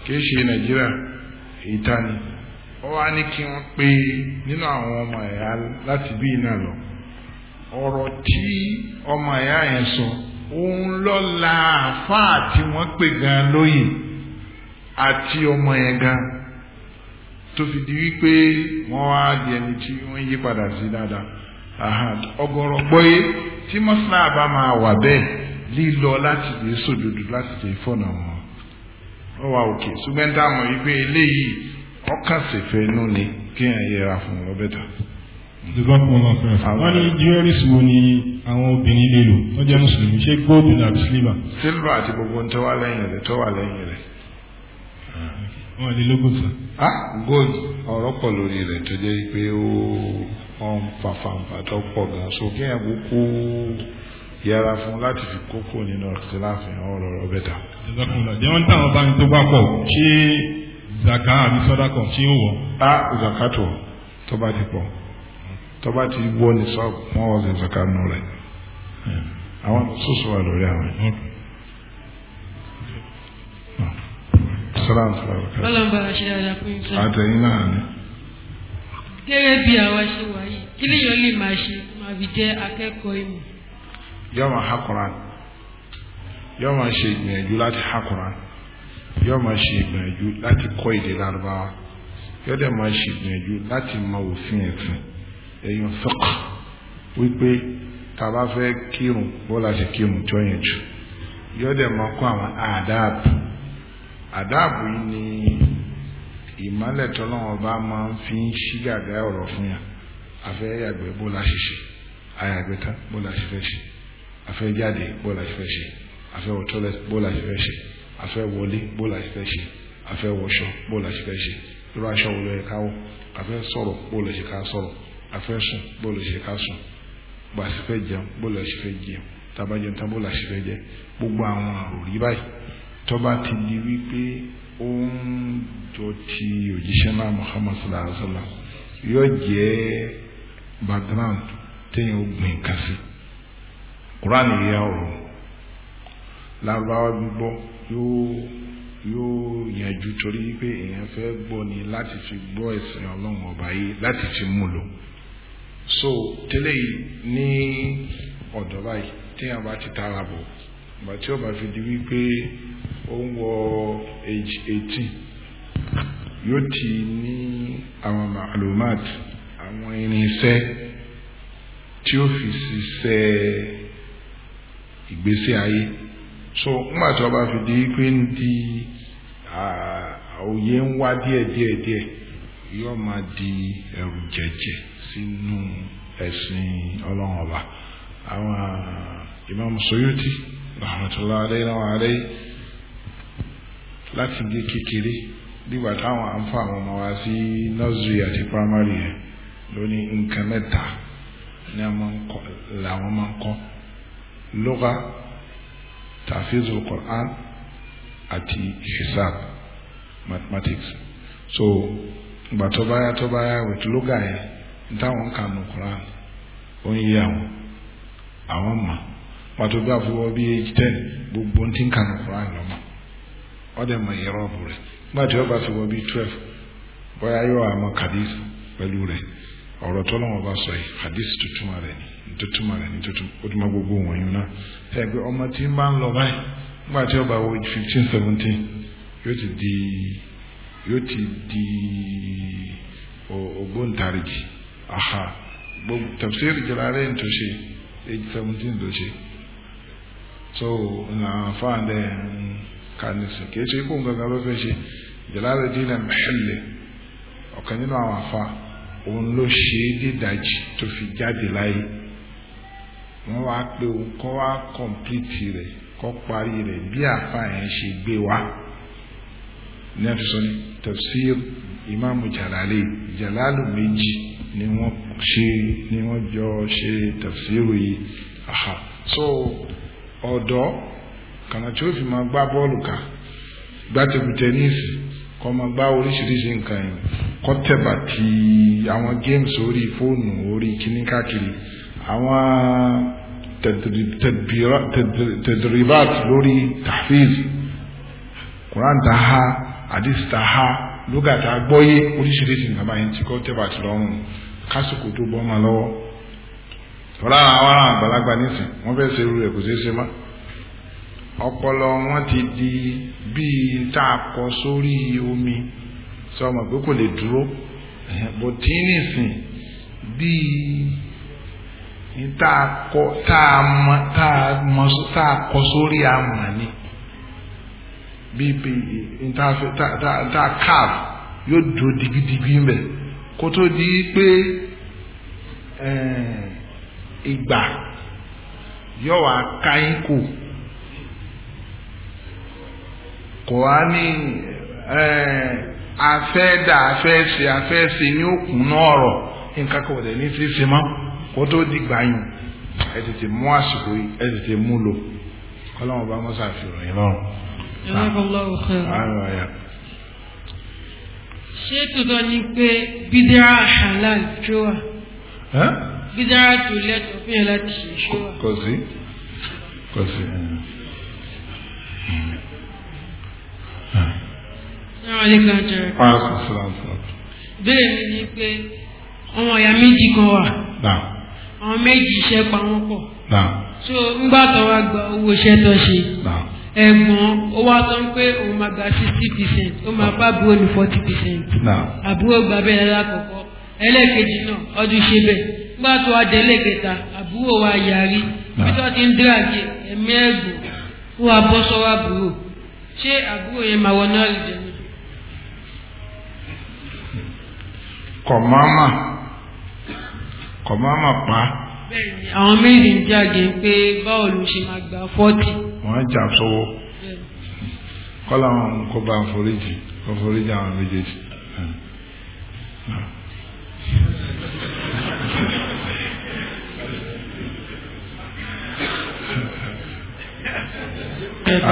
kì í ṣe Nàìjíríà ni. ó wá ní kí wọ́n pe nínú àwọn ọmọ ẹ̀yà láti bí iná lọ ọ̀rọ̀ tí ọmọ ẹ̀yà yẹn sọ òun lọ́la àáfàá tí wọ́n pè gan lóyè àti ọmọ yẹn gan tó fi di wípé wọ́n wá di ẹni tí wọ́n yí padà sí dáadáa ọ̀gọ̀rọ̀ gbọ́yé tí mọ́sálà bá máa wà bẹ́ẹ̀ lílọ láti lè sòdodo láti lè fọ̀nà wọn ó wà òkè ṣùgbọ́n dáhùn wípé eléyìí ọkàn sì fẹ́ inú ni kí ẹ̀ yẹra fún un lọ́bẹ̀ tà. wọ́n ní jewelries wo ni àwọn obìnrin lè lò tó jẹ́ mùsùlùmí ṣé gold àbí silver. silver àti gbogbo ń tọ́wà lẹ́yìn rẹ̀ tọ́wà lẹ́yìn rẹ̀. wọ́n lè lo gold sir. ah gold ọ̀rọ̀ pọ̀ lórí rẹ̀ tó jẹ́ pé ó ọ̀n fàfàǹfà tó pọ̀ gan so kí ẹ̀ kúkú yẹra fún láti fi kókó nínú ọ̀sẹ̀ láàfin ọ̀rọ̀ ọ̀bẹ̀ tà. táwọn bá ń tó bá pọ̀ ṣé zaka àbí sọ́dákọ̀ tí ó wọ̀. a zakatọ̀ tó bá ti pọ̀ tó bá ti wọ ní sọ́ọ̀bù wọ́n wọ́n ṣe zaka nù rẹ̀ àwọn sọ́sọ́ wà lórí àwọn. sọ́dáǹsì wà lórí àwọn. bọ́lá ń bá a ṣe dáadáa fún yín sọ́ọ̀. àtẹ̀yìn náà ni. gẹ́gẹ́ bí àwa ṣe wà yìí kí lèèyàn lè máa ṣe máa fi jẹ́ akẹ́kọ̀ọ́ ìmọ̀. yọ máa ha Kùránì yọ máa ṣe ìgbìyànjú láti ha Kùránì yóò máa ṣe ìgbìyànjú láti kọ́ èdè lárúbáwá yóò dẹ̀ máa ṣe ìgbìyànjú láti mọ òfin ẹ̀sìn ẹ̀yìn fiqh wípé tá a bá fẹ́ kírun bọ́lá ṣe kírun tó yẹn jù yóò dẹ̀ máa kọ́ àwọn àdáàbù àdáàbù yìí ni ìmọ̀lẹ̀ tọ́lọ́wọ́n bá máa ń fi ṣí gàgá ọ̀rọ̀ fún yàn afẹ́ yàgbẹ́ bọ́lá ṣe ṣe ayàgbẹ́ tán bọ́lá ṣe fẹ́ ṣe afẹ́ jáde bọ́lá ṣe fẹ́ ṣe afẹ́ wọ bọ́lá ṣe fẹ́ ṣe a fẹ́ wọlé bó la ṣe fẹ́ ṣe a fẹ́ wọṣọ bó la ṣe fẹ́ ṣe irú aṣọ wo ló yẹ ká wọ̀ a fẹ́ sọ̀rọ̀ bó la ṣe ká sọ̀rọ̀ a fẹ́ sùn bó la ṣe ká sùn bá a ṣe fẹ́ jẹun bó la ṣe fẹ́ jẹun tàbá jẹun tán bó la ṣe fẹ́ jẹ gbogbo àwọn àròrí báyìí tó bá ti di wípé ó ń jọ ti òjíṣẹ́ náà Muhammad sallallahu alayhi wa sallam yóò jẹ́ background téèyàn ó gbìn kan Quran yìí yà ọ̀rọ̀ lárúbáwá gbígbọ́ yóò yóò yànjú torí pé èèyàn fẹ́ gbọ́ ni láti fi gbọ́ ẹ̀sìn ọlọ́run ọba yìí láti fi mú lò so tẹ́lẹ̀ yìí ní ọ̀dọ̀ báyìí téèyàn bá ti tara bọ̀ ìgbà tí ó fi di wípé ó ń wọ age eighteen yóò ti ní àwọn ma'lumat àwọn irinṣẹ́ tí ó fi ṣiṣẹ́ ìgbésí ayé. so ńgbà tí wọ́n bá fi di pé ń di òye ń wá díẹ̀ díẹ̀ díẹ̀ yóò máa di ẹrù jẹjẹ sínú ọba àwọn Imam soyuti rahmatullahi alayhi wa alayhi láti gé kékeré nígbà táwọn àǹfà àwọn ọmọ wa sí nursery àti primary yẹn lónìí nǹkan mẹ́ta ni àwọn máa ń tafizul Quran ati hisab mathematics so ìgbà tó báyà tó báyà wìtí lóga ka ní Quran ó ń yé àwọn àwọn mà pàtó age ten gbogbo ntin ń Quran lọ́mọ ọ̀dẹ̀ mọ̀ ìrọ̀bù rẹ̀ nígbà tí ó bá fi wọ bí twelve bóyá yóò ama ọ̀rọ̀ tó lọ́wọ́ bá sọ yìí hadith tuntun rẹ̀ ni tuntun rẹ̀ ni tuntun ó tún bá gbogbo wọ̀nyí náà ẹ pé ọmọ tí ń bá ń lọ báyìí nígbà tí ó wo fifteen seventeen yóò ti di yóò ti di ògbóǹtarìgì aha gbogbo tafsir Jalalayn ń tó ṣe age seventeen ló ṣe so na fáńdẹ kanisi kì í ṣe ikú nǹkan kan ló fẹ́ ṣe Jalaluddin al-Mahalli ọ̀kan nínú àwọn afáà òun ló ṣe é dídájì tó fi jáde láyé wọ́n wá pé òun kọ́ wá kọ̀m̀plìtì rẹ̀ kọ́ parí rẹ̀ bí àfa yẹn ṣe gbé wá ní àfisọ́ tafsir imaamu jalali jalalu méjì ni wọ́n ṣe ni wọ́n jọ ṣe tafsiru yìí aha so ọ̀dọ́ kànáà tí ó fi máa gbá bọ́ọ̀lù ká gbá tẹkùtẹ níìsì kọ́ máa gbá oríṣiríṣi nǹkan yìí kọ́ tẹ̀bà ti àwọn games orí fóònù orí kíní káàkiri àwọn tẹ̀dìrìbàt lórí tàfíìs Quran ta ha hadith ta ha lóga ta gbọ́yé oríṣiríṣi nǹkan báyìí tí kọ́ tẹ̀bà ti lọ́rùn kásìkò tó bọ́ ọmọ lọ́wọ́ tọ́lá àwọn àgbàlagbà nísìn wọ́n fẹ́ ṣe irú rẹ̀ kò ṣeé ṣe máa ọpọlọ wọn ti di bíi tá a kọ sórí omi sọ ma pé kò lè dúró bó tí nìsín bíi tá a kọ tá a mọ tá a mọ tá a kọ sórí àmà ni bíi bíi tá a carve yóò dúró digidigbi mbẹ kó tó di pé eh, ìgbà yóò wá ká yín kù. kò wá ní afẹ́dà afẹ́sẹ̀ afẹ́sẹ̀ ní òkun náà rọ̀ nǹkan kan ọ̀dẹ̀ ní ti ṣe mọ́ kó tó di gbàyàn ẹ tètè mú àsìkò yìí ẹ tètè mú lò kọ́lọ́mù bá mọ́sá fi ròyìn lọ́rùn. ṣé tòótọ́ ni pé bídẹ́rà halal tó wà bídẹ́rà tó lẹ́tọ̀ọ́ fún yẹn láti ṣe ṣé wà. kò sí kò sí. Ìbéèrè mi ni pé ọmọ ìyá méjì kan wà. Àwọn méjì iṣẹ́ pa wọ́n pọ̀. So ńgbà tó wá gba owó iṣẹ́ tó ṣe. Ẹ̀gbọ́n ó wá sọ pé òun máa gba sixty percent ó máa bá àbúrò ní forty percent. Àbúrò gba bẹ́ẹ̀ lákọ̀ọ́kọ́. Ẹlẹ́ẹ̀kejì náà ọdún ṣe bẹ́ẹ̀. Ńgbà tó wá dé ẹlẹ́ẹ̀kẹta àbúrò wa yàrí. Bí tó ti ń díràgì ẹ̀mí ẹ̀gbọ́n ó wá bọ́ sọ́wọ́ àbúrò ṣé àbúrò yẹn máa wọ náà lè ní. kọ̀mọ́mà kọ̀mọ́mà pa. bẹ́ẹ̀ni àwọn méjì ń jáde pé báwo ló ṣe máa gba fọ́tì. wọ́n á jà sówó kọ́lá wọn kó bá foríjì kó foríjì àwọn méjèèjì.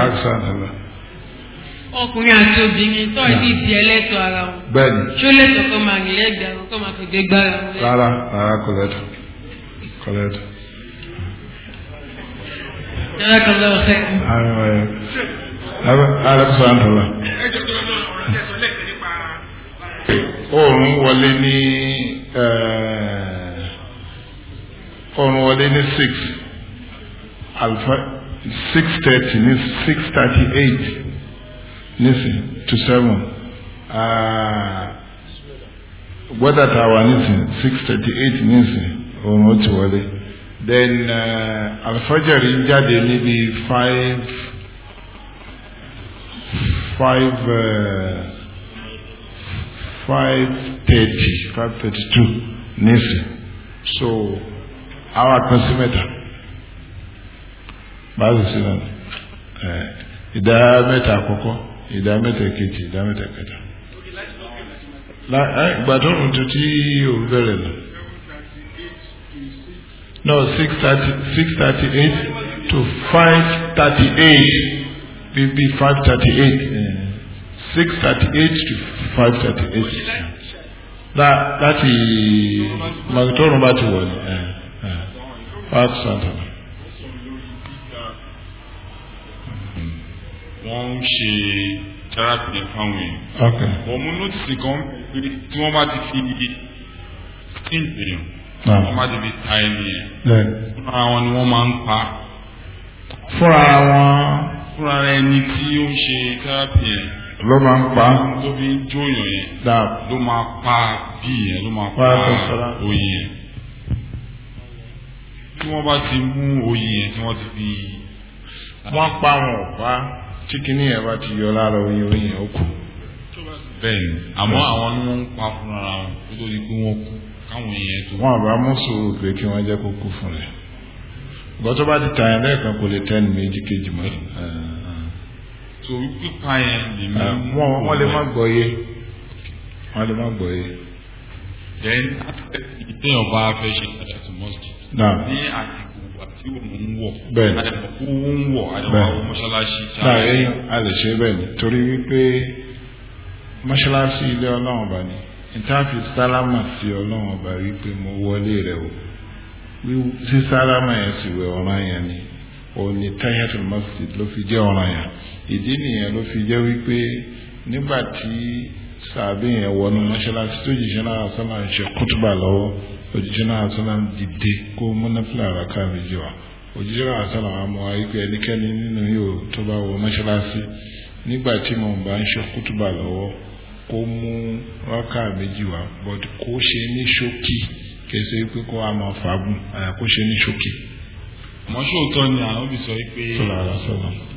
Aksan Allah ọkùnrin àti obìnrin tó ìdí ìdí ẹlẹ́tọ̀ ara wọn. bẹ́ẹ̀ni. ṣó lẹ́tọ̀ kọ́ máa rìn lẹ́gbẹ̀ẹ́ àwọn kọ́ máa fòde gbára wọn. rárá rárá kò lẹ́tọ̀ kò lẹ́tọ̀. yàrá kan lọ fẹ́. ààrẹ wáyé ààrẹ kò sọ̀rọ̀ àǹtọ̀lá. oòrùn wọlé ní oòrùn wọlé ní six alfa six thirty ní six thirty eight. Ah, nísìn to seven gbọ́dọ̀ tá a wà six thirty eight nísìn òun ó ti wọlé then uh, alfajari ń jáde níbi five five uh, five thirty five thirty two nísìn so àwọn àkànṣe mẹ́ta báyìí sí náà eh, ìdá mẹ́ta àkọ́kọ́ ìdá mẹ́ta kejì ìdá mẹ́ta kẹta. ìgbà tó rùn tó bẹ̀rẹ̀ lọ. no six thirty six thirty eight to five thirty eight bí be five thirty eight eh, six thirty eight to five thirty eight láti màgítọ́rùn bá ti wọ̀ ni. Eh, eh, five thirty eight. wọ́n ń ṣe therapy yẹn fáwọn èèyàn. wọ́n mú notice kan tí wọ́n bá ti fi skin èèyàn ah. wọ́n bá ti fi ta ẹni yẹn. fúnra wọn ni wọ́n máa ń pa. fúnra wọn. fúnra ẹni tí ó ń ṣe therapy yẹn. ló máa ń pa. tó fi ń jóyàn yẹn. ló máa pa bí yẹn ló máa pa oyin yẹn. tí wọ́n bá ti mú oyin yẹn tí wọ́n ti fi. wọ́n pa wọn ò pa tí kinní yẹn bá ti yọ lára oyin oyin ó kù. bẹ́ẹ̀ ni àmọ́ àwọn ni wọ́n ń pa fúnra wọn kó tó di pé wọ́n kú káwọn yẹn tó. wọn àbá mú sùúrù pé kí wọ́n jẹ́ kó kú fún rẹ̀ gbọ́n tó bá ti tàn yẹn lẹ́ẹ̀kan kò lè tẹ́ni méjì kejì mọ́. so pípa yẹn lè mú. wọ́n lè má gbọ́ yé wọ́n lè má gbọ́ yé. then ìtẹ̀yìn ọba fẹ́ ṣe pàtàkì mọ́sítì. ní àti tí òun wọ̀ àdàpọ̀ òun wọ̀ àdàpọ̀ àwọn mọ́ṣáláṣí. láàrin a lè ṣe bẹ́ẹ̀ ni torí wípé mọ́ṣáláṣí ilé ọlọ́run ọba ni ìtàfi sálámà sí ọlọ́run ọba wípé mo wọlé rẹ̀ o sí sálámà yẹn sì wẹ̀ ọ̀ràn yẹn ni òun ni tahiyatul masjid ló fi jẹ́ ọ̀ràn yẹn ìdí nìyẹn ló fi jẹ́ wípé nígbà tí sàbí yẹn wọnú mọ́ṣáláṣí tó jìṣẹ́ sọ́nà ṣe kútùbà lọ́wọ́ òjijì náà sọ́nà dìde kó múnáfìlà àràká méjì wá òjijì náà sọ́nà àmọ́ ayíkú ẹnikẹ́ni nínú yóò tó bá wọ mọ́ṣáláṣí nígbà tí mo bá ń ṣe kútùbà lọ́wọ́ kó mú rákà méjì wá but kó ṣe ní ṣókí kẹsẹ̀ pé kó a máa fàágùn àyà kó ṣe ní ṣókí. àmọ́ sóòótọ́ ni àwọn òbí sọ pé. sọlá àlá